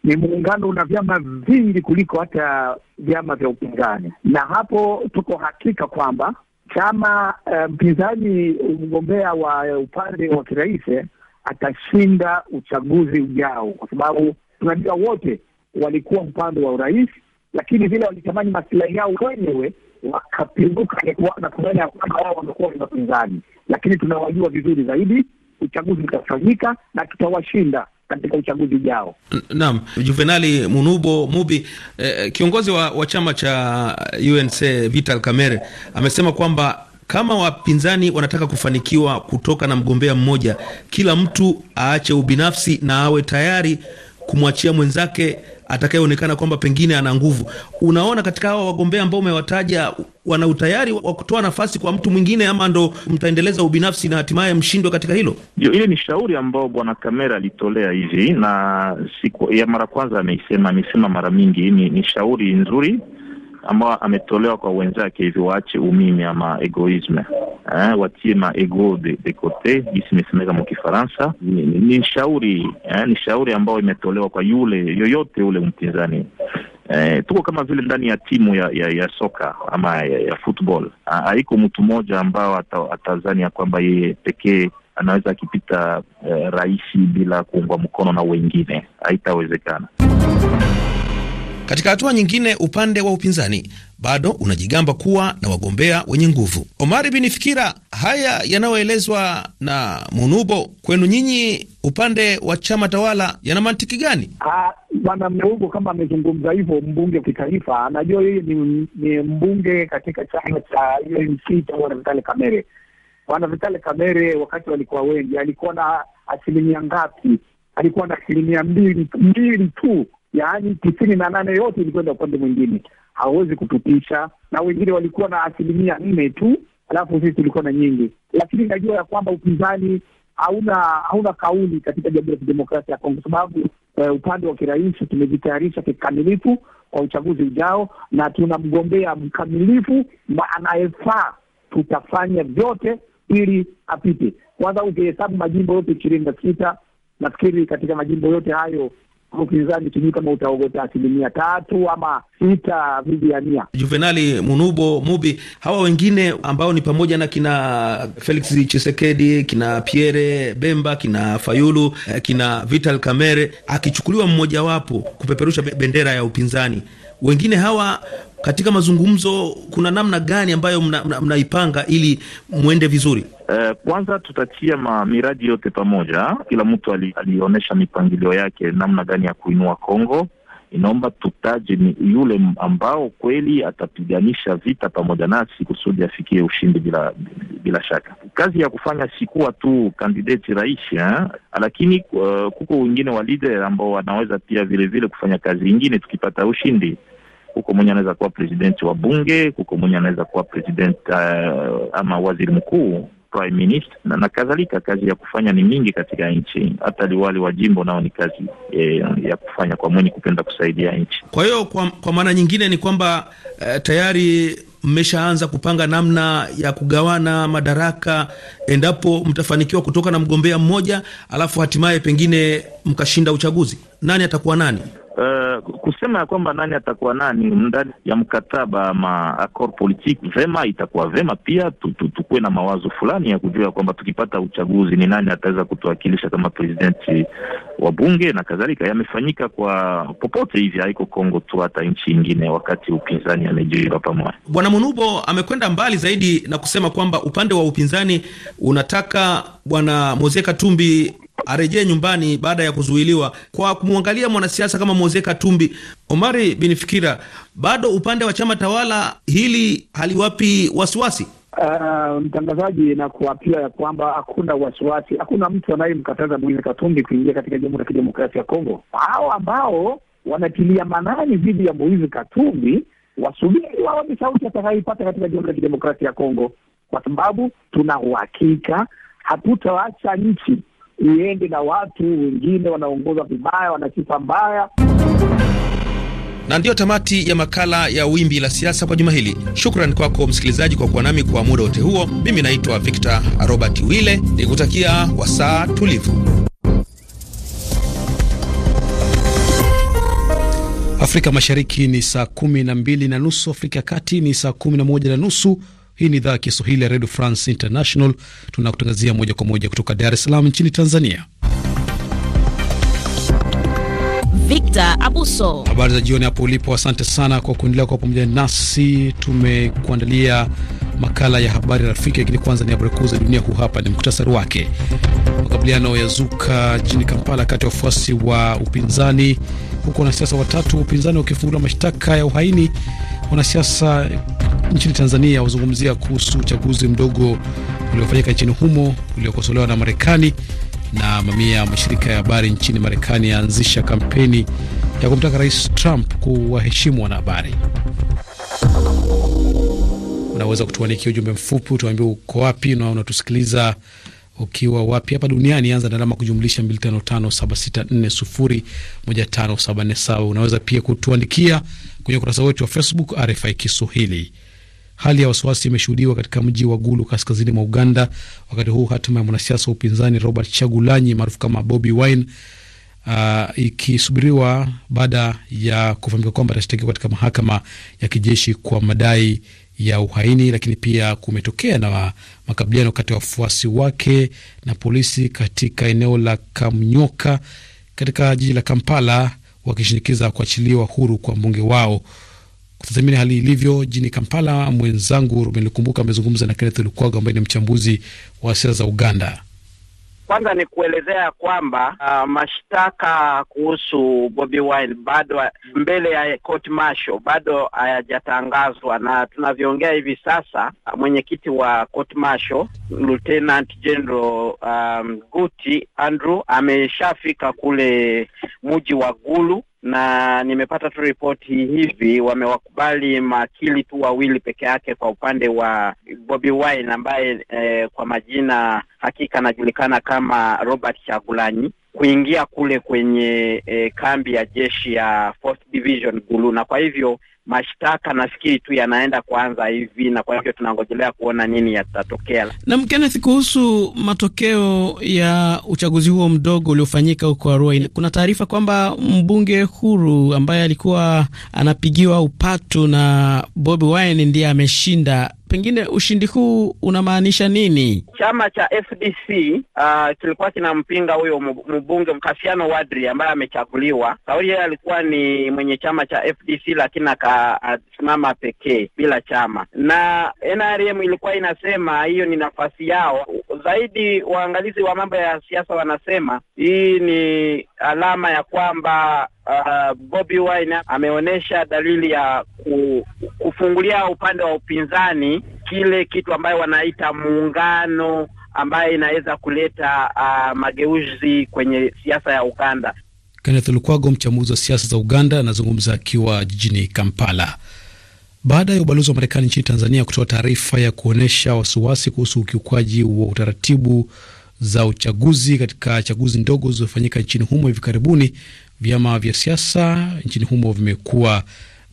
ni muungano una vyama vingi kuliko hata vyama vya upinzani, na hapo tuko hakika kwamba chama eh, mpinzani, um, mgombea wa upande wa kirais eh, atashinda uchaguzi ujao, kwa sababu tunajua wote walikuwa upande wa urais lakini vile walitamani masilahi yao wenyewe wakapinduka na kuona ya kwamba wao wamekuwa ni wapinzani, lakini tunawajua vizuri zaidi. Uchaguzi utafanyika na tutawashinda katika uchaguzi ujao. Naam, Juvenali Munubo Mubi, eh, eh kiongozi wa, wa chama cha UNC Vital Kamerhe amesema kwamba kama wapinzani wanataka kufanikiwa kutoka na mgombea mmoja, kila mtu aache ubinafsi na awe tayari kumwachia mwenzake atakayeonekana kwamba pengine ana nguvu. Unaona, katika hawa wagombea ambao umewataja wana utayari wa kutoa nafasi kwa mtu mwingine, ama ndo mtaendeleza ubinafsi na hatimaye mshindwe katika hilo? Ndio, ile ni shauri ambao bwana Kamera alitolea hivi, na siku ya mara kwanza ameisema, amesema mara mingi, ni, ni shauri nzuri ambao ametolewa kwa wenzake, hivyo waache umimi ama egoisme eh, watie ma ego de, de cote jisi imesemeka mwa Kifaransa. Ni, ni shauri eh, ni shauri ambayo imetolewa kwa yule yoyote ule mpinzani. Eh, tuko kama vile ndani ya timu ya, ya, ya soka ama ya, ya football. Haiko mtu mmoja ambao atazania kwamba yeye pekee anaweza akipita eh, rahisi bila kuungwa mkono na wengine, haitawezekana. Katika hatua nyingine, upande wa upinzani bado unajigamba kuwa na wagombea wenye nguvu. Omari Bin Fikira, haya yanayoelezwa na Munubo kwenu nyinyi upande wa chama tawala yana mantiki gani? Bwana Meugo kama amezungumza hivyo, mbunge wa kitaifa, anajua yeye ni, ni mbunge katika chama cha UNC cha Bwana Vitale Kamere. Bwana Vitale Kamere wakati walikuwa wengi, alikuwa na asilimia ngapi? Alikuwa na asilimia mbili mbili tu yaani tisini na nane yote ilikwenda upande mwingine, hawezi kutupisha, na wengine walikuwa na asilimia nne tu, alafu sisi tulikuwa na nyingi, lakini najua ya kwamba upinzani hauna hauna kauli katika Jamhuri ya Kidemokrasia ya Kongo kwa sababu uh, upande wa kirais tumejitayarisha kikamilifu kwa uchaguzi ujao, na tuna mgombea mkamilifu anayefaa. Tutafanya vyote ili apite. Kwanza ukihesabu majimbo yote ishirini na sita, nafikiri katika majimbo yote hayo upinzani sijui kama utaogota asilimia tatu ama sita dhidi ya mia. Juvenali Munubo Mubi, hawa wengine ambao ni pamoja na kina Felix Chisekedi, kina Pierre Bemba, kina Fayulu, eh, kina Vital Kamere, akichukuliwa mmojawapo kupeperusha bendera ya upinzani, wengine hawa katika mazungumzo, kuna namna gani ambayo mnaipanga mna, mna ili mwende vizuri? Eh, kwanza tutatia ma miradi yote pamoja, kila mtu alionyesha mipangilio yake namna gani ya kuinua Kongo. Inaomba tutaje ni yule ambao kweli atapiganisha vita pamoja nasi kusudi afikie ushindi. Bila bila shaka kazi ya kufanya sikuwa tu kandideti rais, eh, lakini uh, kuko wengine wa leader ambao wanaweza pia vilevile vile kufanya kazi ingine tukipata ushindi kuko mwenye anaweza kuwa presidenti wa bunge, kuko mwenye anaweza kuwa presidenti uh, ama waziri mkuu prime minister na, na kadhalika. Kazi ya kufanya ni mingi katika nchi, hata liwali wa jimbo nao ni kazi e, ya kufanya kwa mwenye kupenda kusaidia nchi. Kwa hiyo kwa, kwa maana nyingine ni kwamba eh, tayari mmeshaanza kupanga namna ya kugawana madaraka endapo mtafanikiwa kutoka na mgombea mmoja alafu hatimaye pengine mkashinda uchaguzi, nani atakuwa nani? Uh, kusema ya kwamba nani atakuwa nani ndani ya mkataba ama accord politique, vema, itakuwa vema pia tukuwe na mawazo fulani ya kujua kwamba tukipata uchaguzi ni nani ataweza kutuwakilisha kama presidenti wa bunge na kadhalika. Yamefanyika kwa popote hivi, haiko Kongo tu, hata nchi ingine wakati upinzani amejiiva pamoja. Bwana Munubo amekwenda mbali zaidi na kusema kwamba upande wa upinzani unataka Bwana Moze Katumbi arejee nyumbani baada ya kuzuiliwa. Kwa kumwangalia mwanasiasa kama Moze Katumbi, Omari bin Fikira, bado upande wa chama tawala hili haliwapi wasiwasi? Uh, mtangazaji na kuapia ya kwamba hakuna wasiwasi, hakuna mtu anayemkataza Moise Katumbi kuingia katika Jamhuri ya Kidemokrasia ya Kongo. Hao ambao wanatilia manani dhidi ya Moise Katumbi wasubiri waone sauti atakayoipata katika Jamhuri ya Kidemokrasia ya Kongo, kwa sababu tuna uhakika hatutaacha nchi iende na watu wengine wanaongoza vibaya, wana sifa mbaya. Na ndiyo tamati ya makala ya Wimbi la Siasa kwa juma hili. Shukran kwako msikilizaji kwa kuwa nami kwa muda wote huo. Mimi naitwa Victor Robert Wile, nikutakia wasaa tulivu. Afrika Mashariki ni saa kumi na mbili na nusu, Afrika ya Kati ni saa kumi na moja na nusu. Hii ni idhaa ya Kiswahili ya Redio France International. Tunakutangazia moja kwa moja kutoka Dar es Salaam nchini Tanzania. Victor Abuso, habari za jioni hapo ulipo. Asante sana kwa kuendelea kwa pamoja nasi. Tumekuandalia makala ya habari rafiki, lakini kwanza ni habari kuu za dunia. Huu hapa ni muktasari wake. Makabiliano ya zuka jijini Kampala kati ya wafuasi wa upinzani, huku wanasiasa watatu wa upinzani wakifungula mashtaka ya uhaini. Wanasiasa nchini Tanzania huzungumzia kuhusu uchaguzi mdogo uliofanyika nchini humo uliokosolewa na Marekani, na mamia ya mashirika ya habari nchini Marekani yaanzisha kampeni ya kumtaka Rais Trump kuwaheshimu wanahabari. Unaweza kutuandikia ujumbe mfupi, tuambie uko wapi na unatusikiliza ukiwa wapi hapa duniani. Anza na alama kujumlisha 255764015747. Unaweza pia kutuandikia kwenye ukurasa wetu wa Facebook RFI Kiswahili. Hali ya wasiwasi imeshuhudiwa katika mji wa Gulu kaskazini mwa Uganda, wakati huu hatima ya mwanasiasa wa upinzani Robert Chagulanyi maarufu kama Bobi Wine uh, ikisubiriwa baada ya kufahamika kwamba atashtakiwa katika mahakama ya kijeshi kwa madai ya uhaini. Lakini pia kumetokea na makabiliano kati ya wafuasi wake na polisi katika eneo la Kamnyoka katika jiji la Kampala, wakishinikiza kuachiliwa huru kwa mbunge wao kutathmini hali ilivyo jini Kampala. Mwenzangu Ruben Lukumbuka amezungumza na Kenneth Lukwago ambaye ni mchambuzi wa siasa za Uganda. Kwanza ni kuelezea kwamba uh, mashtaka kuhusu Bobi Wine bado mbele ya court martial bado hayajatangazwa, na tunavyoongea hivi sasa uh, mwenyekiti wa court martial Lieutenant General um, Guti Andrew ameshafika kule mji wa Gulu na nimepata tu ripoti hivi, wamewakubali makili tu wawili peke yake kwa upande wa Bobi Wine ambaye eh, kwa majina hakika anajulikana kama Robert Chagulanyi kuingia kule kwenye eh, kambi ya jeshi ya Fourth Division Gulu, na kwa hivyo mashtaka nafikiri tu yanaenda kuanza hivi, na kwa hivyo tunangojelea kuona nini yatatokea. Na Kenneth, kuhusu matokeo ya uchaguzi huo mdogo uliofanyika huko Arua, kuna taarifa kwamba mbunge huru ambaye alikuwa anapigiwa upatu na Bobi Wine ndiye ameshinda. Pengine ushindi huu unamaanisha nini? Chama cha FDC uh, ah, kilikuwa kinampinga huyo mbunge Mkasiano Wadri ambaye amechaguliwa. Kauli yeye alikuwa ni mwenye chama cha FDC, lakini akasimama pekee bila chama, na NRM ilikuwa inasema hiyo ni nafasi yao. Zaidi waangalizi wa mambo ya siasa wanasema hii ni alama ya kwamba uh, Bobi Wine ameonyesha dalili ya ku, kufungulia upande wa upinzani kile kitu ambayo wanaita muungano ambaye inaweza kuleta uh, mageuzi kwenye siasa ya Uganda. Kenneth Lukwago, mchambuzi wa siasa za Uganda, anazungumza akiwa jijini Kampala. Baada ya ubalozi wa Marekani nchini Tanzania kutoa taarifa ya kuonyesha wasiwasi kuhusu ukiukwaji wa utaratibu za uchaguzi katika chaguzi ndogo zilizofanyika nchini humo hivi karibuni, Vyama vya siasa nchini humo vimekuwa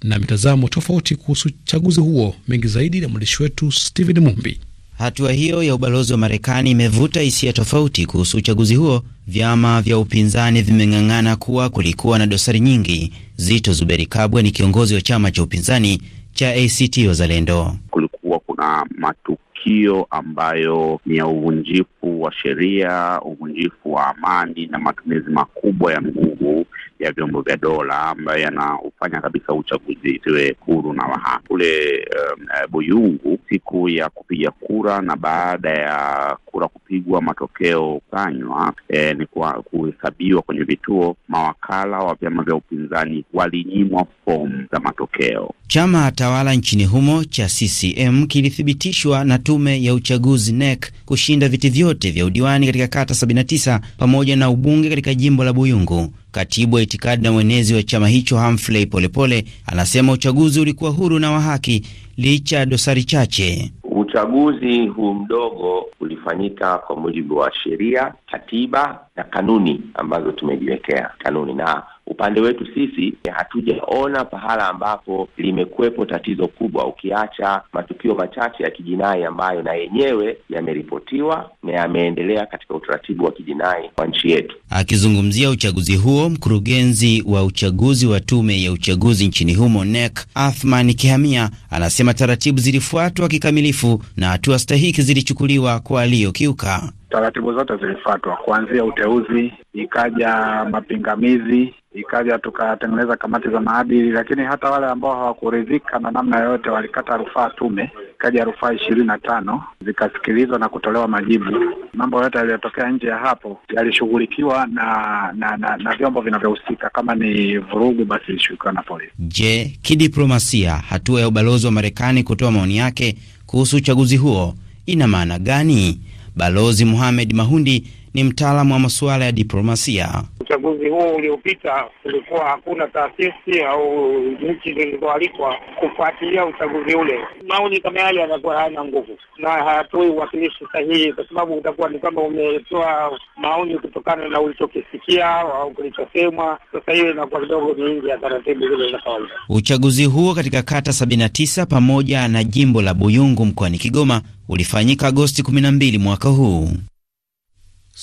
na mitazamo tofauti kuhusu uchaguzi huo. Mengi zaidi na mwandishi wetu Steven Mumbi. Hatua hiyo ya ubalozi wa Marekani imevuta hisia tofauti kuhusu uchaguzi huo. Vyama vya upinzani vimeng'ang'ana kuwa kulikuwa na dosari nyingi. Zito Zuberi Kabwe ni kiongozi wa chama cha upinzani cha ACT Wazalendo. Kulikuwa kuna matukio ambayo ni ya uvunjifu uvunjifu wa sheria, uvunjifu wa amani na matumizi makubwa ya nguvu ya vyombo vya dola ambayo yanaufanya kabisa uchaguzi isiwe huru na waha Kule um, eh, Buyungu, siku ya kupiga kura na baada ya kura kupigwa, matokeo kanywa eh, ni kuhesabiwa kwenye vituo, mawakala wa vyama vya upinzani walinyimwa fomu za matokeo. Chama tawala nchini humo cha CCM kilithibitishwa na tume ya uchaguzi NEC kushinda viti vyote vyote vya udiwani katika kata 79 pamoja na ubunge katika jimbo la Buyungu. Katibu wa itikadi na mwenezi wa chama hicho Humphrey Polepole anasema uchaguzi ulikuwa huru na wa haki licha ya dosari chache. Uchaguzi huu mdogo ulifanyika kwa mujibu wa sheria katiba na kanuni ambazo tumejiwekea kanuni, na upande wetu sisi hatujaona pahala ambapo limekuwepo tatizo kubwa, ukiacha matukio machache ya kijinai ambayo na yenyewe yameripotiwa na yameendelea katika utaratibu wa kijinai kwa nchi yetu. Akizungumzia uchaguzi huo, mkurugenzi wa uchaguzi wa tume ya uchaguzi nchini humo nek Athman Kihamia anasema taratibu zilifuatwa kikamilifu na hatua stahiki zilichukuliwa kwa aliyokiuka taratibu zote zilifuatwa, kuanzia uteuzi, ikaja mapingamizi, ikaja tukatengeneza kamati za maadili, lakini hata wale ambao hawakuridhika na namna yoyote walikata rufaa tume, ikaja rufaa ishirini na tano zikasikilizwa na kutolewa majibu. Mambo yote yaliyotokea nje ya hapo yalishughulikiwa na na, na, na vyombo vinavyohusika. Kama ni vurugu, basi ilishughulikiwa na polisi. Je, kidiplomasia, hatua ya ubalozi wa Marekani kutoa maoni yake kuhusu uchaguzi huo ina maana gani? Balozi Mohamed Mahundi ni mtaalamu wa masuala ya diplomasia. Uchaguzi huu uliopita ulikuwa hakuna taasisi au nchi zilizoalikwa kufuatilia uchaguzi ule. Maoni kama yale yanakuwa hayana nguvu na hayatoi uwakilishi sahihi, kwa sababu utakuwa ni kwamba umetoa maoni kutokana na ulichokisikia au kilichosemwa. Sasa hiyo inakuwa kidogo ni nje ya taratibu zile za kawaida. Uchaguzi huo katika kata sabini na tisa pamoja na jimbo la Buyungu mkoani Kigoma ulifanyika Agosti kumi na mbili mwaka huu.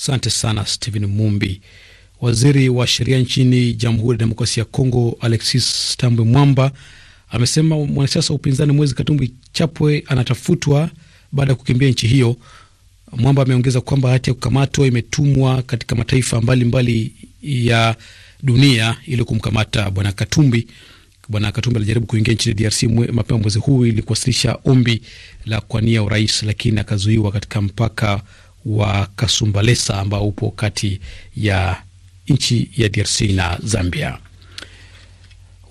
Asante sana Stephen Mumbi. Waziri wa sheria nchini Jamhuri ya Demokrasia ya Kongo Alexis Tambwe Mwamba amesema mwanasiasa wa upinzani Mwezi Katumbi Chapwe anatafutwa baada ya kukimbia nchi hiyo. Mwamba ameongeza kwamba hati ya kukamatwa imetumwa katika mataifa mbalimbali mbali ya dunia ili kumkamata bwana Katumbi. Bwana Katumbi alijaribu kuingia nchini DRC mwe, mapema mwezi huu ili kuwasilisha ombi la kuwania urais, lakini akazuiwa katika mpaka wa Kasumbalesa ambao upo kati ya nchi ya DRC na Zambia.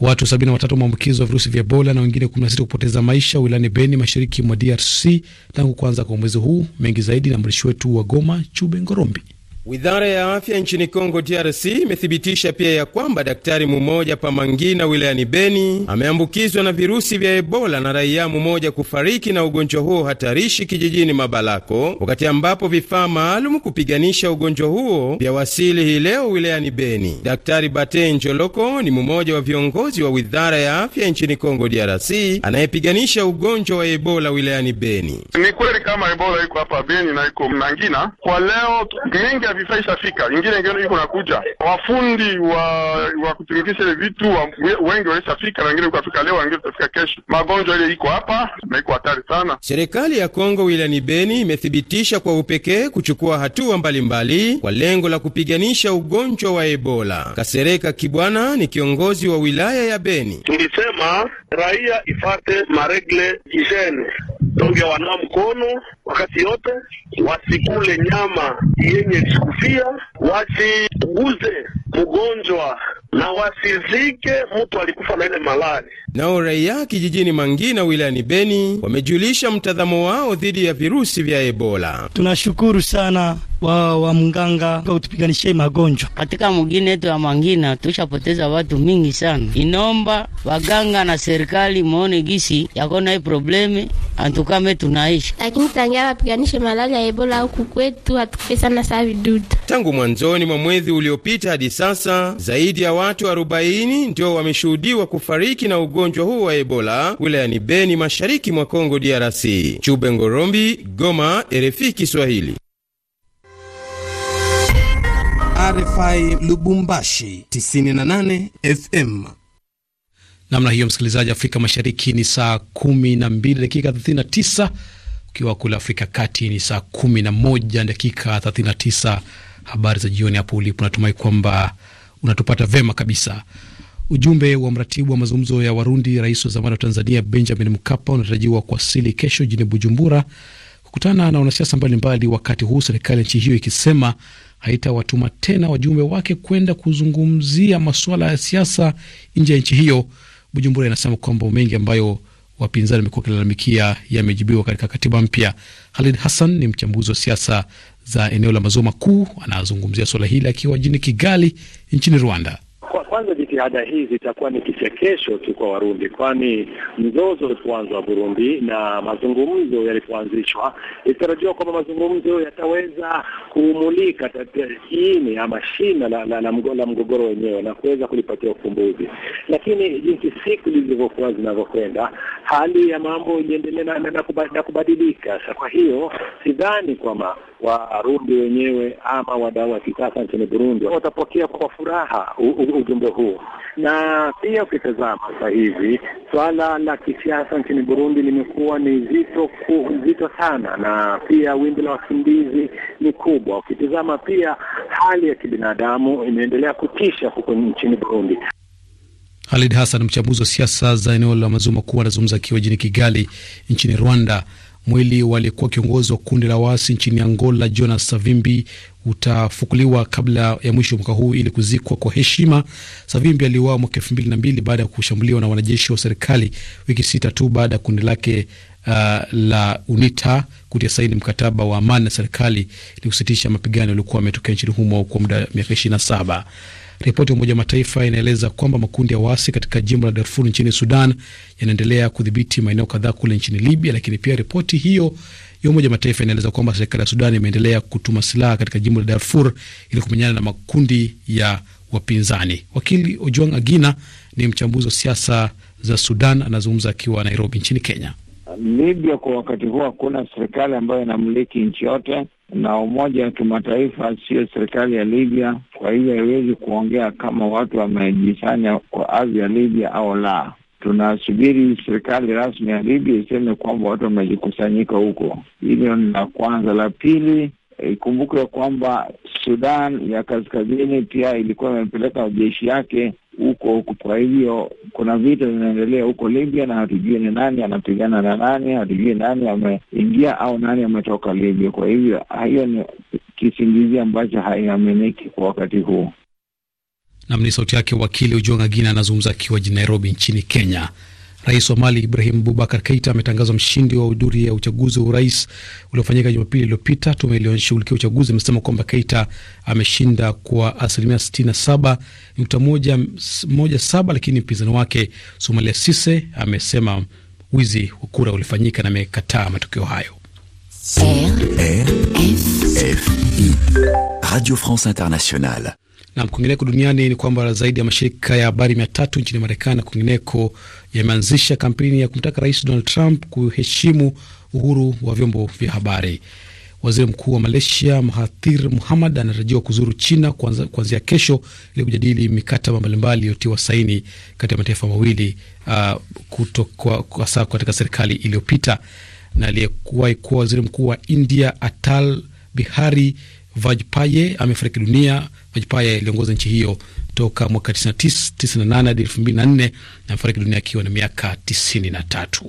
Watu 73 wameambukizwa virusi vya Ebola na wengine 16 kupoteza maisha wilani Beni, mashariki mwa DRC tangu kuanza kwa mwezi huu. Mengi zaidi na mwandishi wetu wa Goma, Chube Ngorombi. Wizara ya afya nchini Kongo DRC imethibitisha pia ya kwamba daktari mmoja Pamangina wilayani Beni ameambukizwa na virusi vya Ebola na raia mmoja kufariki na ugonjwa huo hatarishi kijijini Mabalako, wakati ambapo vifaa maalum kupiganisha ugonjwa huo vya wasili hii leo wilayani Beni. Daktari Bate Njoloko ni mmoja wa viongozi wa wizara ya afya nchini congo DRC anayepiganisha ugonjwa wa Ebola wilayani Beni. Ni kweli kama Ebola iko hapa Beni na iko Mangina kwa leo mingi vifaa ishafika, ingine ngeno iko nakuja. Wafundi wa wa kutumikisha ile vitu wa, wengi walishafika na wengine kufika leo, wengine tutafika kesho. Magonjwa ile iko hapa na iko hatari sana. Serikali ya Kongo ni Beni imethibitisha kwa upekee kuchukua hatua mbalimbali mbali, kwa lengo la kupiganisha ugonjwa wa Ebola. Kasereka Kibwana ni kiongozi wa wilaya ya Beni. Tulisema raia ifate maregle kijene donge wanao mkono wakati yote, wasikule nyama yenye sikufia, wasiguze mgonjwa na wasizike mtu alikufa na ile malali. Nao raia kijijini Mangina wilayani Beni wamejulisha mtazamo wao dhidi ya virusi vya Ebola. Tunashukuru sana wa wa mganga utupiganishie magonjwa katika mgini yetu ya Mangina. Tushapoteza watu mingi sana, inomba waganga na serikali muone gisi yakona hii antu antukame tunaishi, lakini tangia wapiganishe malali ya Ebola huku kwetu hatukupesana saa vidudu. Tangu mwanzoni mwa mwezi uliopita hadi sasa zaidi ya watu 40 ndio wameshuhudiwa kufariki na ugonjwa huu wa Ebola wilayani Beni, mashariki mwa congo DRC. Chube Ngorombi, Goma, RFI Kiswahili. RFI Lubumbashi 98 FM. Namna hiyo, msikilizaji, Afrika Mashariki ni saa 12 dakika 39, ukiwa kule Afrika Kati ni saa 11 dakika 39. Habari za jioni hapo ulipo, natumai kwamba unatupata vema kabisa. Ujumbe wa mratibu wa mazungumzo ya Warundi, rais wa zamani wa Tanzania Benjamin Mkapa unatarajiwa kuwasili kesho jijini Bujumbura kukutana na wanasiasa mbalimbali, wakati huu serikali ya nchi hiyo ikisema haitawatuma tena wajumbe wake kwenda kuzungumzia masuala ya siasa nje ya nchi hiyo. Bujumbura inasema kwamba mengi ambayo wapinzani wamekuwa wakilalamikia yamejibiwa katika katiba mpya. Khalid Hassan ni mchambuzi wa siasa za eneo la maziwa makuu. Anazungumzia suala hili akiwa jini Kigali nchini Rwanda. Kwa kwanza jitihada hizi itakuwa ni kichekesho tu kwa Warundi, kwani mzozo ulipoanza wa Burundi na mazungumzo yalipoanzishwa, ilitarajiwa kwamba mazungumzo yataweza kuumulika ini ama shina la, la, la, la mgogoro wenyewe na kuweza kulipatia ufumbuzi, lakini jinsi siku zilivyokuwa zinavyokwenda, hali ya mambo iliendelea na, na, na kubadilika. Sasa kwa hiyo sidhani kwamba Warundi wenyewe ama wadau wa kisasa nchini Burundi watapokea kwa furaha ujumbe huu. Na pia ukitazama sasa hivi swala la kisiasa nchini Burundi limekuwa ni zito ku, zito sana, na pia wimbi la wakimbizi ni kubwa. Ukitazama pia hali ya kibinadamu imeendelea kutisha huko nchini Burundi. halid Hassan, mchambuzi wa siasa za eneo la maziwa makuu, anazungumza akiwa jini Kigali nchini Rwanda. Mwili aliyekuwa kiongozi wa kundi la waasi nchini Angola, Jonas Savimbi, utafukuliwa kabla ya mwisho mwaka huu ili kuzikwa kwa heshima. Savimbi aliuawa mwaka elfu mbili na mbili baada ya kushambuliwa na wanajeshi wa serikali, wiki sita tu baada ya kundi lake uh, la UNITA kutia saini mkataba wa amani na serikali ili kusitisha mapigano yaliokuwa ametokea nchini humo kwa muda wa miaka ishirini na saba. Ripoti ya Umoja wa Mataifa inaeleza kwamba makundi ya waasi katika jimbo la Darfur nchini Sudan yanaendelea kudhibiti maeneo kadhaa kule nchini Libya, lakini pia ripoti hiyo ya Umoja wa Mataifa inaeleza kwamba serikali ya Sudan imeendelea kutuma silaha katika jimbo la Darfur ili kumenyana na makundi ya wapinzani. Wakili Ojuang Agina ni mchambuzi wa siasa za Sudan, anazungumza akiwa Nairobi nchini Kenya. Libya kwa wakati huu hakuna serikali ambayo inamiliki nchi yote, na Umoja wa Kimataifa siyo serikali ya Libya. Kwa hivyo haiwezi kuongea kama watu wamejisanya kwa ardhi ya Libya au la. Tunasubiri serikali rasmi ya Libya iseme kwamba watu wamejikusanyika huko. Hilo ni la kwanza. La pili, Eh, ikumbuke kwamba Sudan ya Kaskazini pia ilikuwa imepeleka majeshi yake huko. Kwa hivyo kuna vita vinaendelea huko Libya, na hatujui ni nani anapigana na nani, hatujui nani ameingia au nani ametoka Libya. Kwa hivyo hiyo ni kisingizia ambacho haiaminiki kwa wakati huu. Nam ni sauti yake wakili Ujonga Gina anazungumza akiwa jijini Nairobi nchini Kenya. Rais wa Mali Ibrahim Bubakar Keita ametangazwa mshindi wa uduri ya uchaguzi wa urais uliofanyika Jumapili iliyopita. Tume iliyoshughulikia uchaguzi imesema kwamba Keita ameshinda kwa asilimia 67.17, lakini mpinzani wake Sumalia Sise amesema wizi wa kura ulifanyika na amekataa matokeo hayo. Radio France Internationale. Na kwingineko duniani ni kwamba zaidi ya mashirika ya habari mia tatu nchini Marekani na kwingineko yameanzisha kampeni ya kumtaka Rais Donald Trump kuheshimu uhuru wa vyombo vya habari. Waziri Mkuu wa Malaysia Mahathir Muhamad anatarajiwa kuzuru China kuanzia kesho ili kujadili mikataba mbalimbali iliyotiwa saini kati ya mataifa mawili uh, hasa uh, katika serikali iliyopita. Na aliyekuwahi kuwa waziri mkuu wa India Atal Bihari Vajpaye amefariki dunia. Vajpaye aliongoza nchi hiyo toka mwaka 1998 hadi 2004 na amefariki dunia akiwa na miaka 93.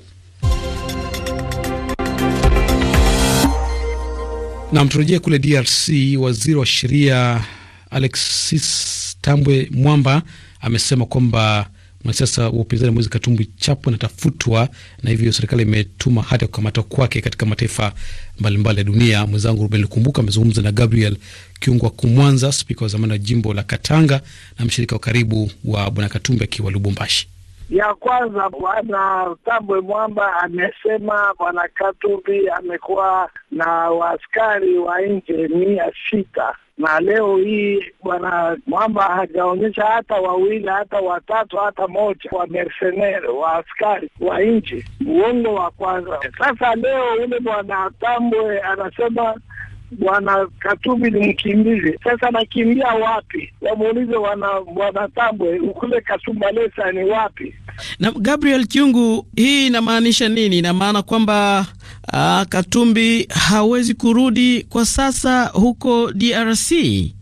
Na mturejea kule DRC, waziri wa sheria Alexis Tambwe Mwamba amesema kwamba Mwanasiasa wa upinzani Moise Katumbi Chapwe anatafutwa na hivyo serikali imetuma hati ya kukamatwa kwake katika mataifa mbalimbali ya dunia. Mwenzangu Ruben Lukumbuka amezungumza na Gabriel Kiungwa Kumwanza, spika wa zamani wa jimbo la Katanga na mshirika wa karibu wa bwana Katumbi akiwa Lubumbashi. Ya kwanza bwana Tambwe Mwamba amesema bwana Katumbi amekuwa na waskari wa nje mia sita na leo hii bwana mwamba hajaonyesha hata wawili hata watatu hata moja wa mercenari wa askari wa nchi, uongo wa kwanza. Sasa leo ule bwana Tambwe anasema bwana katumbi ni mkimbizi. Sasa anakimbia wapi? Wamuulize bwana Tambwe ukule Kasumbalesa ni wapi? Na Gabriel Kiungu, hii inamaanisha nini? Ina maana kwamba Aa, ah, Katumbi hawezi kurudi kwa sasa huko DRC.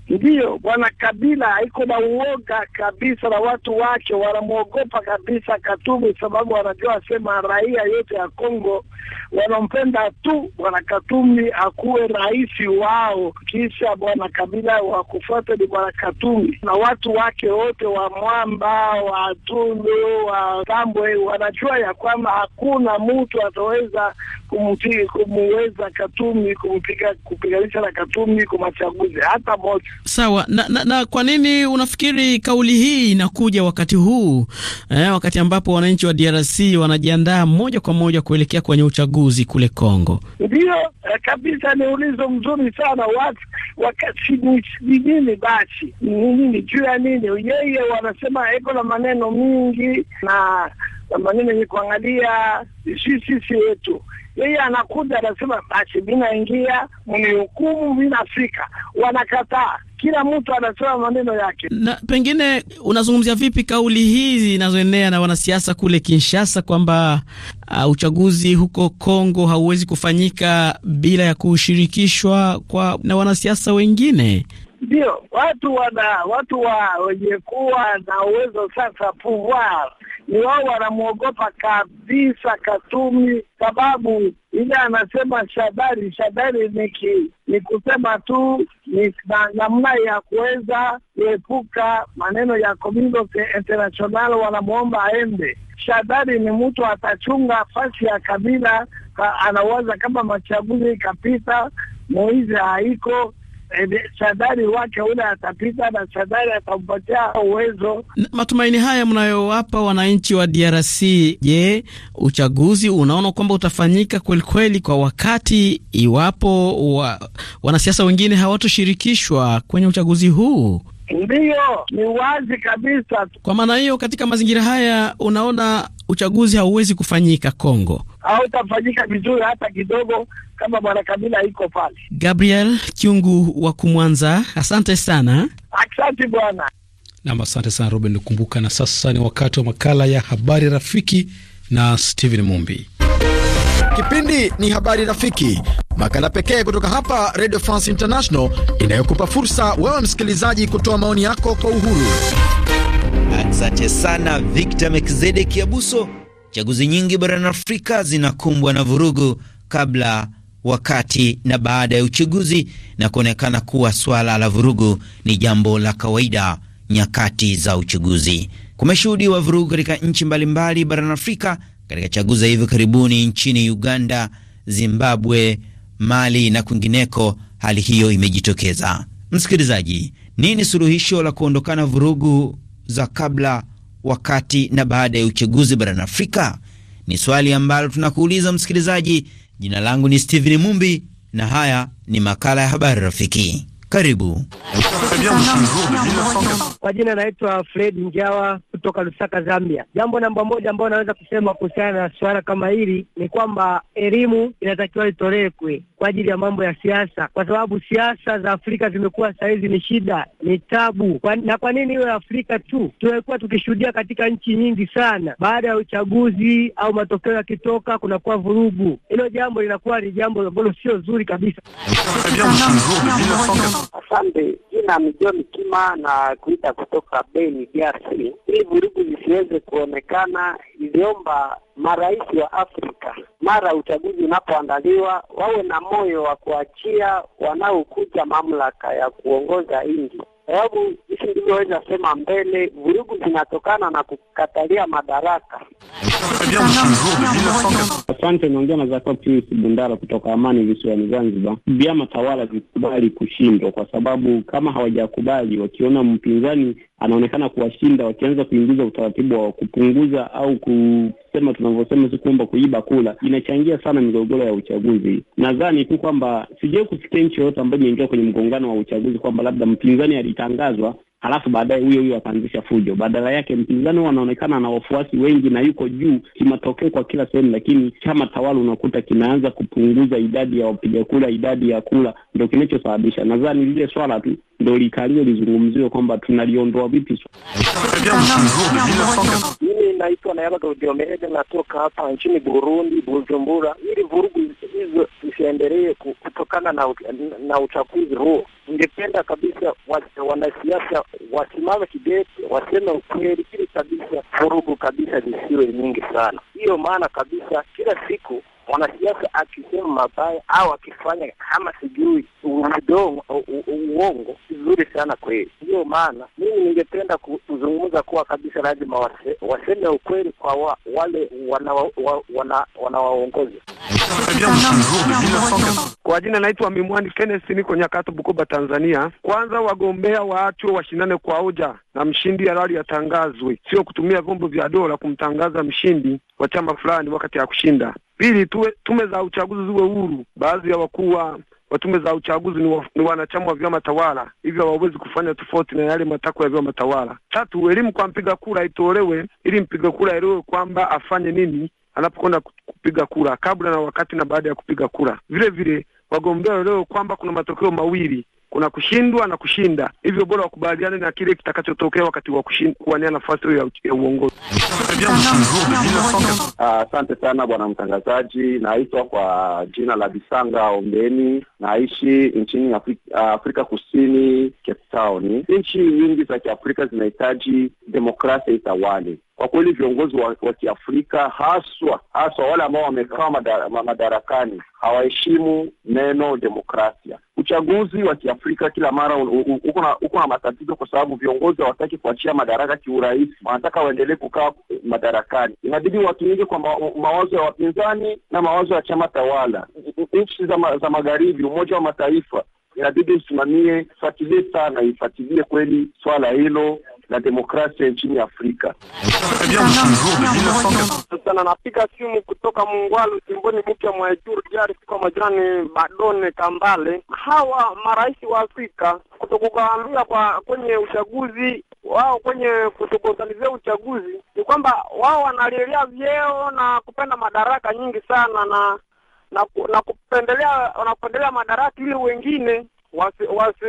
Ndiyo, bwana Kabila haiko na uoga kabisa, na watu wake wanamwogopa kabisa Katumbi sababu wanajua asema raia yote ya Kongo wanampenda tu bwana Katumbi akuwe rais wao, kisha bwana Kabila wakufuata ni bwana Katumbi na watu wake wote wa Mwamba, wa tundu wa Tambwe wanajua ya kwamba hakuna mtu ataweza kumpiga kumweza Katumi, kumpiga kupiganisha na Katumi kwa machaguzi hata moja. Sawa na, na, na kwa nini unafikiri kauli hii inakuja wakati huu eh, wakati ambapo wananchi wa DRC wanajiandaa moja kwa moja kuelekea kwenye uchaguzi kule Kongo? eh, kabisa, ni ulizo mzuri sana watu wakati ni nini basi, ni nini juu ya nini? Yeye wanasema iko na maneno mingi na maneno yenye kuangalia sisi yetu yeye anakuja anasema, basi minaingia mnihukumu, nafika. Wanakataa, kila mtu anasema maneno yake. Na pengine unazungumzia vipi kauli hizi zinazoenea na wanasiasa kule Kinshasa kwamba uh, uchaguzi huko Kongo hauwezi kufanyika bila ya kushirikishwa kwa na wanasiasa wengine? Ndio watu wana watu wa wenye kuwa na uwezo sasa pouvoir ni wao wanamwogopa kabisa Katumi, sababu ile anasema shadari shadari niki, ni kusema tu ni namna ya kuweza kuepuka maneno ya community international, wanamwomba aende. Shadari ni mtu atachunga fasi ya kabila ka, anawaza kama machaguzi ikapita Moizi haiko sadari wake ule atapita na sadari atampatia uwezo. Matumaini haya mnayowapa wananchi wa DRC, je, uchaguzi unaona kwamba utafanyika kwelikweli kwa wakati iwapo wa, wanasiasa wengine hawatoshirikishwa kwenye uchaguzi huu? Ndiyo, ni wazi kabisa. Kwa maana hiyo, katika mazingira haya unaona uchaguzi hauwezi kufanyika Kongo? hautafanyika vizuri hata kidogo, kama bwana Kabila iko pale. Gabriel Kyungu wa Kumwanza, asante sana. Asante bwana nam. Asante sana Ruben Nikumbuka. Na sasa ni wakati wa makala ya habari rafiki na Steven Mumbi. Kipindi ni habari rafiki, makala pekee kutoka hapa Radio France International inayokupa fursa wewe msikilizaji kutoa maoni yako kwa uhuru. Asante sana Victor Mekzedeki Abuso Chaguzi nyingi barani Afrika zinakumbwa na vurugu kabla, wakati na baada ya uchaguzi, na kuonekana kuwa swala la vurugu ni jambo la kawaida nyakati za uchaguzi. Kumeshuhudiwa vurugu katika nchi mbalimbali barani Afrika katika chaguzi za hivi karibuni nchini Uganda, Zimbabwe, Mali na kwingineko. Hali hiyo imejitokeza. Msikilizaji, nini suluhisho la kuondokana vurugu za kabla wakati na baada ya uchaguzi barani Afrika? Ni swali ambalo tunakuuliza msikilizaji. Jina langu ni Steven Mumbi na haya ni makala ya Habari Rafiki. Karibu. Kwa jina naitwa Fred Njawa kutoka Lusaka, Zambia. Jambo namba moja ambayo naweza kusema kuhusiana na suala kama hili ni kwamba elimu inatakiwa itolekwe kwa ajili ya mambo ya siasa, kwa sababu siasa za Afrika zimekuwa sahizi ni shida, ni tabu. Kwa, na kwa nini iwe Afrika tu? Tumekuwa tukishuhudia katika nchi nyingi sana, baada ya uchaguzi au matokeo yakitoka kunakuwa vurugu. Hilo jambo linakuwa ni jambo ambalo sio zuri kabisa. Asante, jina ni john Kima na kuita kutoka Beni, DRC. Ili vurugu zisiweze kuonekana, iliomba marais wa Afrika mara uchaguzi unapoandaliwa wawe na moyo wa kuachia wanaokuja mamlaka ya kuongoza nchi sababu hizi ndivyoweza sema mbele, vurugu zinatokana na kukatalia madaraka. Asante, naongea na Zakwa Pius Bundara kutoka Amani visiwani Zanzibar. Vyama tawala vikubali kushindwa, kwa sababu kama hawajakubali wakiona mpinzani anaonekana kuwashinda, wakianza kuingiza utaratibu wa kupunguza au kusema tunavyosema, si kuomba kuiba kula, inachangia sana migogoro ya uchaguzi. Nadhani tu kwamba sijawahi kusikia nchi yoyote ambayo imeingia kwenye mgongano wa uchaguzi kwamba labda mpinzani alitangazwa halafu baadaye huyo huyo akaanzisha fujo. Badala yake mpinzani huo anaonekana na wafuasi wengi na yuko juu kimatokeo kwa kila sehemu, lakini chama tawala unakuta kinaanza kupunguza idadi ya wapiga kura, idadi ya kura ndo kinachosababisha. Nadhani lile swala tu ndo likaliwe lizungumziwe kwamba tunaliondoa vipi. Mimi naitwa Nayabagaudiomehede, natoka hapa nchini Burundi, Bujumbura. Ili vurugu hizo zisiendelee kutokana na uchaguzi huo ningependa kabisa wanasiasa wasimame kidete, waseme ukweli, ili kabisa vurugu kabisa zisiwe nyingi sana. Hiyo maana kabisa kila siku mwanasiasa akisema mabaya au akifanya kama sijui uongo, vizuri sana kweli. Ndiyo maana mimi ningependa kuzungumza kuwa kabisa lazima wase, waseme ukweli kwa wa, wale wanawaongoza wana, wana kwa jina naitwa Mimwani Kenneth, niko Nyakato, Bukoba, Tanzania. Kwanza wagombea waachwe washindane kwa hoja na mshindi halali atangazwe, sio kutumia vyombo vya dola kumtangaza mshindi wa chama fulani wakati ya kushinda Pili, tuwe, tume za uchaguzi ziwe huru. Baadhi ya wakuu wa tume za uchaguzi ni, wa, ni wanachama wa vyama tawala, hivyo hawawezi kufanya tofauti na yale matakwa ya vyama tawala. Tatu, elimu kwa mpiga kura itolewe ili mpiga kura aelewe kwamba afanye nini anapokwenda kupiga kura, kabla na wakati na baada ya kupiga kura. Vile vile wagombea waelewe kwamba kuna matokeo mawili kuna kushindwa na kushinda, hivyo bora wakubaliane na kile kitakachotokea wakati wa kuwania nafasi hiyo ya uongozi. Ah, asante sana bwana mtangazaji. Naitwa kwa jina la Bisanga Ombeni, naishi nchini Afrika, Afrika Kusini, Cape Town. Nchi nyingi za Kiafrika zinahitaji demokrasia itawale kwa kweli viongozi wa, wa Kiafrika haswa haswa wale ambao wamekaa madara, madarakani hawaheshimu neno demokrasia. Uchaguzi wa Kiafrika kila mara uko na uko na matatizo, kwa sababu viongozi hawataki kuachia madaraka kiurahisi, wanataka waendelee kukaa eh, madarakani. Inabidi watumike kwa ma, mawazo ya wapinzani na mawazo ya chama tawala. Nchi za, ma, za magharibi, Umoja wa Mataifa inabidi usimamie, ifuatilie sana, ifuatilie kweli swala hilo la demokrasia nchini Afrika. Sasa napiga simu kutoka Mungwalu, jimboni mpya mwa Juru DRC, kwa majirani Badone Kambale. Hawa marais wa Afrika kutokugawamia kwa kwenye uchaguzi wao kwenye kutokuorganizia uchaguzi ni kwamba wao wanalilia vyeo na kupenda madaraka nyingi sana na na, na kupendelea wanapendelea madaraka ili wengine wasi, wasi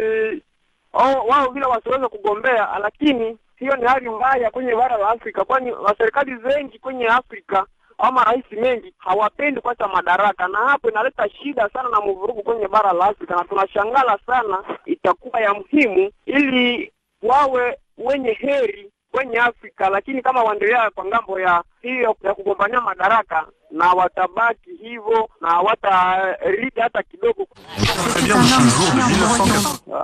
oh, wao vile wasiweza kugombea, lakini hiyo ni hali mbaya kwenye bara la Afrika, kwani serikali zengi kwenye Afrika ama rais mengi hawapendi kuacha madaraka, na hapo inaleta shida sana na mvurugu kwenye bara la Afrika, na tunashangala sana. Itakuwa ya muhimu ili wawe wenye heri kwenye Afrika, lakini kama waendelea kwa ngambo ya hiyo ya kugombania madaraka na watabaki hivyo na hawataridi hata kidogo.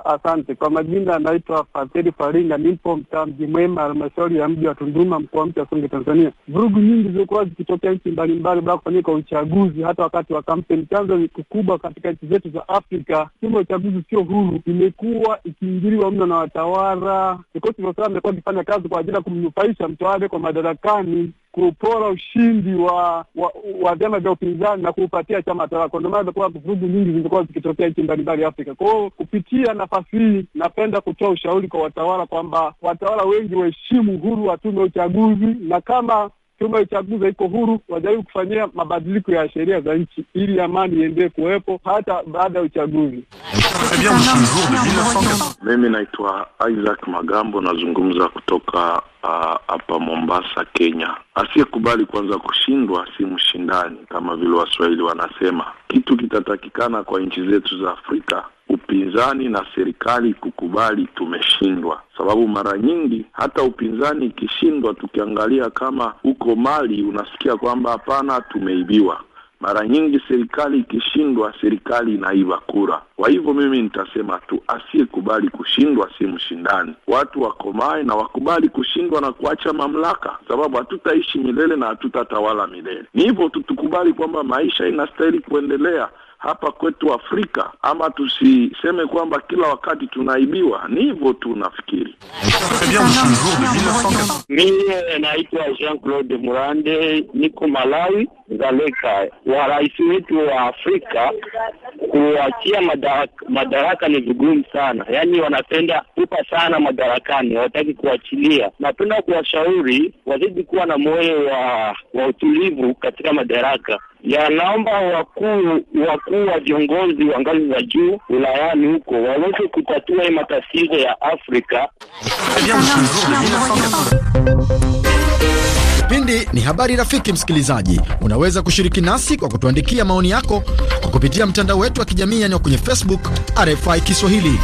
Asante. Kwa majina anaitwa Fadhili Faringa, nipo mtaa Mji Mwema, halmashauri ya mji wa Tunduma, mkoa mpya Songwe, Tanzania. Vurugu nyingi zilikuwa zikitokea nchi mbalimbali baada kufanyika uchaguzi, hata wakati wa kampeni. Chanzo kikubwa katika nchi zetu za Afrika, tume ya uchaguzi sio huru, imekuwa ikiingiliwa mno na watawala. Vikosi vya usalama vimekuwa kazi kwa ajili ya kumnufaisha mtu kwa madarakani kupora ushindi wa wa vyama vya upinzani na kuupatia chama tawala. Kwa ndio maana vurugu nyingi zilizokuwa zikitokea nchi mbalimbali Afrika. Kwa hiyo kupitia nafasi hii, napenda kutoa ushauri kwa watawala kwamba watawala wengi waheshimu uhuru wa tume ya uchaguzi na kama Tume ya uchaguzi iko huru, wajaribu kufanyia mabadiliko ya sheria za nchi ili amani iendelee kuwepo hata baada ya uchaguzi. Mimi naitwa Isaac Magambo, nazungumza kutoka uh, hapa uh, Mombasa, Kenya. Asiyekubali kwanza kushindwa si mshindani, kama vile Waswahili wanasema. Kitu kitatakikana kwa nchi zetu za Afrika upinzani na serikali kukubali tumeshindwa, sababu mara nyingi hata upinzani ikishindwa, tukiangalia kama huko Mali unasikia kwamba hapana, tumeibiwa. Mara nyingi serikali ikishindwa, serikali inaiba kura. Kwa hivyo mimi nitasema tu, asiyekubali kushindwa si mshindani. Watu wakomae na wakubali kushindwa na kuacha mamlaka, sababu hatutaishi milele na hatutatawala milele. Ni hivyo tu, tukubali kwamba maisha inastahili kuendelea hapa kwetu Afrika, ama tusiseme kwamba kila wakati tunaibiwa. Ni hivyo tu nafikiri. Mimi naitwa Jean Claude Murande, niko Malawi, Zaleka. Wa rais wetu wa Afrika kuachia madaraka, madaraka ni vigumu sana, yaani wanapenda kupa sana madarakani, hawataki kuachilia. Napenda kuwashauri wazidi kuwa na moyo wa, wa utulivu katika madaraka ya naomba wakuu wakuu wa viongozi wa ngazi za juu wilayani huko waweze kutatua matatizo ya Afrika. Kipindi ni habari rafiki. Msikilizaji, unaweza kushiriki nasi kwa kutuandikia maoni yako kwa kupitia mtandao wetu wa kijamii, yani kwenye Facebook RFI Kiswahili.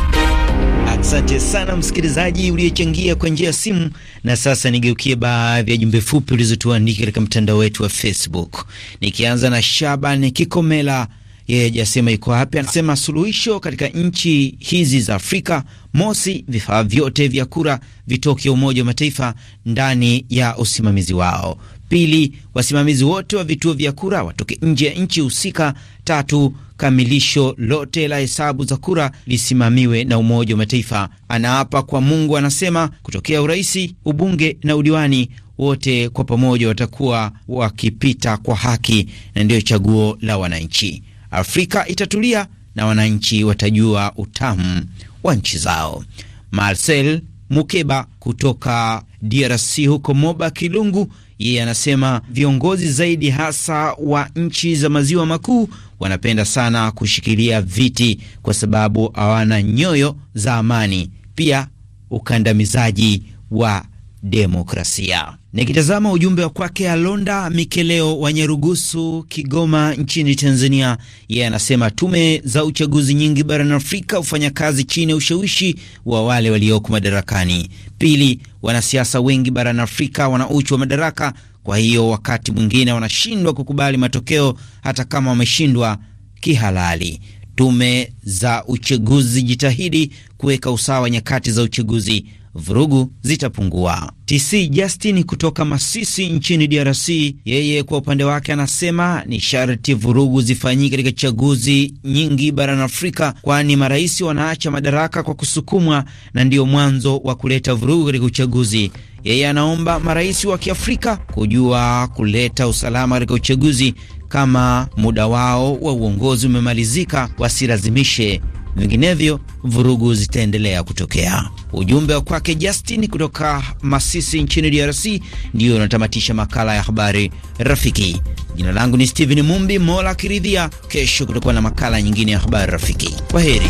Asante sana msikilizaji uliyechangia kwa njia ya simu. Na sasa nigeukie baadhi ya jumbe fupi ulizotuandika katika mtandao wetu wa Facebook, nikianza na Shaban Kikomela. Yeye hajasema iko wapi. Anasema suluhisho katika nchi hizi za Afrika, mosi, vifaa vyote vya kura vitoke Umoja wa Mataifa ndani ya usimamizi wao; Pili, wasimamizi wote wa vituo vya kura watoke nje ya nchi husika. Tatu, kamilisho lote la hesabu za kura lisimamiwe na Umoja wa Mataifa. Anaapa kwa Mungu, anasema kutokea uraisi, ubunge na udiwani wote kwa pamoja watakuwa wakipita kwa haki, na ndiyo chaguo la wananchi. Afrika itatulia na wananchi watajua utamu wa nchi zao. Marcel Mukeba kutoka DRC huko Moba Kilungu yeye anasema viongozi zaidi hasa wa nchi za maziwa makuu wanapenda sana kushikilia viti kwa sababu hawana nyoyo za amani, pia ukandamizaji wa demokrasia. Nikitazama ujumbe wa kwake Alonda Mikeleo wa Nyarugusu, Kigoma nchini Tanzania, yeye anasema tume za uchaguzi nyingi barani Afrika hufanya kazi chini ya ushawishi wa wale walioko madarakani. Pili, wanasiasa wengi barani Afrika wana uchu wa madaraka, kwa hiyo wakati mwingine wanashindwa kukubali matokeo hata kama wameshindwa kihalali. Tume za uchaguzi jitahidi kuweka usawa nyakati za uchaguzi vurugu zitapungua. TC Justin kutoka Masisi nchini DRC, yeye kwa upande wake anasema ni sharti vurugu zifanyike katika chaguzi nyingi barani Afrika, kwani marais wanaacha madaraka kwa kusukumwa na ndiyo mwanzo wa kuleta vurugu katika uchaguzi. Yeye anaomba marais wa Kiafrika kujua kuleta usalama katika uchaguzi, kama muda wao wa uongozi umemalizika, wasilazimishe vinginevyo vurugu zitaendelea kutokea. Ujumbe wa kwake Justin kutoka Masisi nchini DRC ndiyo unatamatisha makala ya habari rafiki. Jina langu ni Steven Mumbi. Mola akiridhia, kesho kutakuwa na makala nyingine ya habari rafiki. Kwa heri.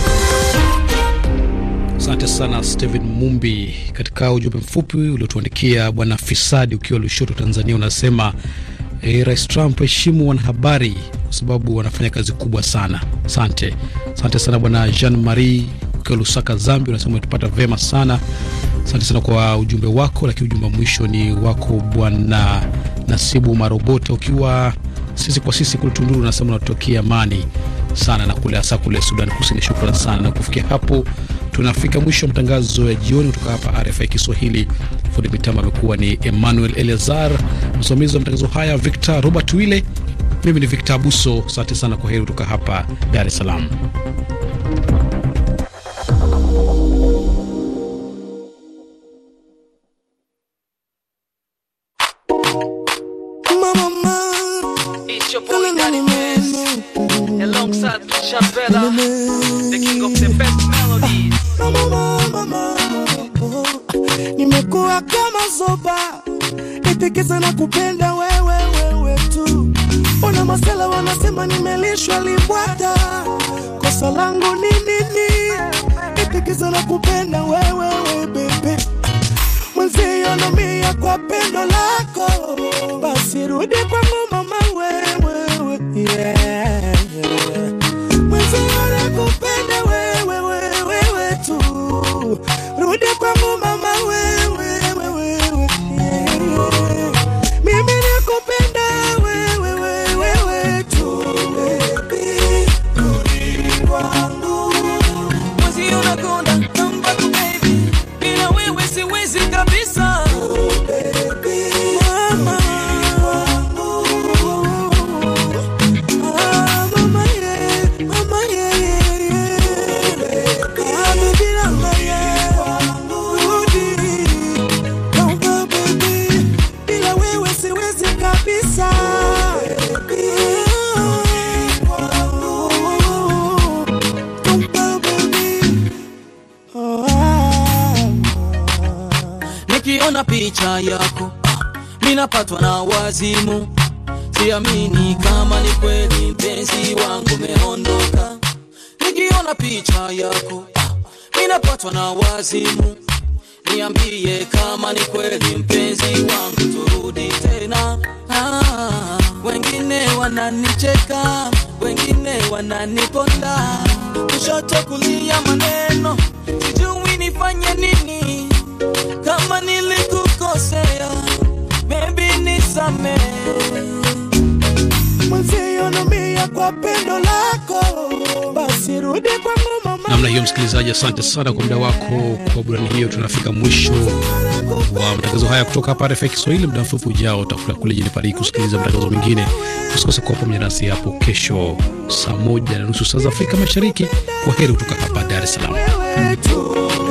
Asante sana Steven Mumbi. Katika ujumbe mfupi uliotuandikia Bwana Fisadi ukiwa Lushoto, Tanzania, unasema eh, Rais Trump, heshimu wanahabari kwa sababu wanafanya kazi kubwa sana. Asante, asante sana Bwana Jean Marie ukiwa Lusaka, Zambia, unasema umetupata vema sana. Asante sana kwa ujumbe wako, lakini ujumbe wa mwisho ni wako Bwana Nasibu Marobota ukiwa sisi kwa sisi kule Tunduru, unasema unatokea amani sana na kule hasa kule Sudan Kusini. Shukrani sana na kufikia hapo Tunafika mwisho wa matangazo ya jioni kutoka hapa RFI Kiswahili. Fundi mitambo amekuwa ni Emmanuel Eleazar, msimamizi wa matangazo haya Victor Robert Wile. Mimi ni Victor Abuso, asante sana, kwa heri kutoka hapa Dar es Salaam. Mama, kuwa kama zoba, nitikise na kupenda wewe, wewe tu. Una masela wanasema nimelishwa libwata, kosa langu ni nini? Nitikise na kupenda wewe, wewe bebe mwenzio, namia kwa pendo lako, basi rudi kwangu mama, wewe, wewe yeah. kuzimu, siamini kama ni kweli mpenzi wangu umeondoka. Nikiona picha yako minapatwa ah, na wazimu. msikilizaji, asante sana kwa muda wako, kwa burani hiyo. Tunafika mwisho wa matangazo haya kutoka hapa RFI Kiswahili. Muda mfupi ujao utakula kule jini Paris kusikiliza matangazo mengine. Usikose kuwa pamoja nasi hapo kesho saa moja na nusu saa za Afrika Mashariki. Kwa heri kutoka hapa Dar es Salaam.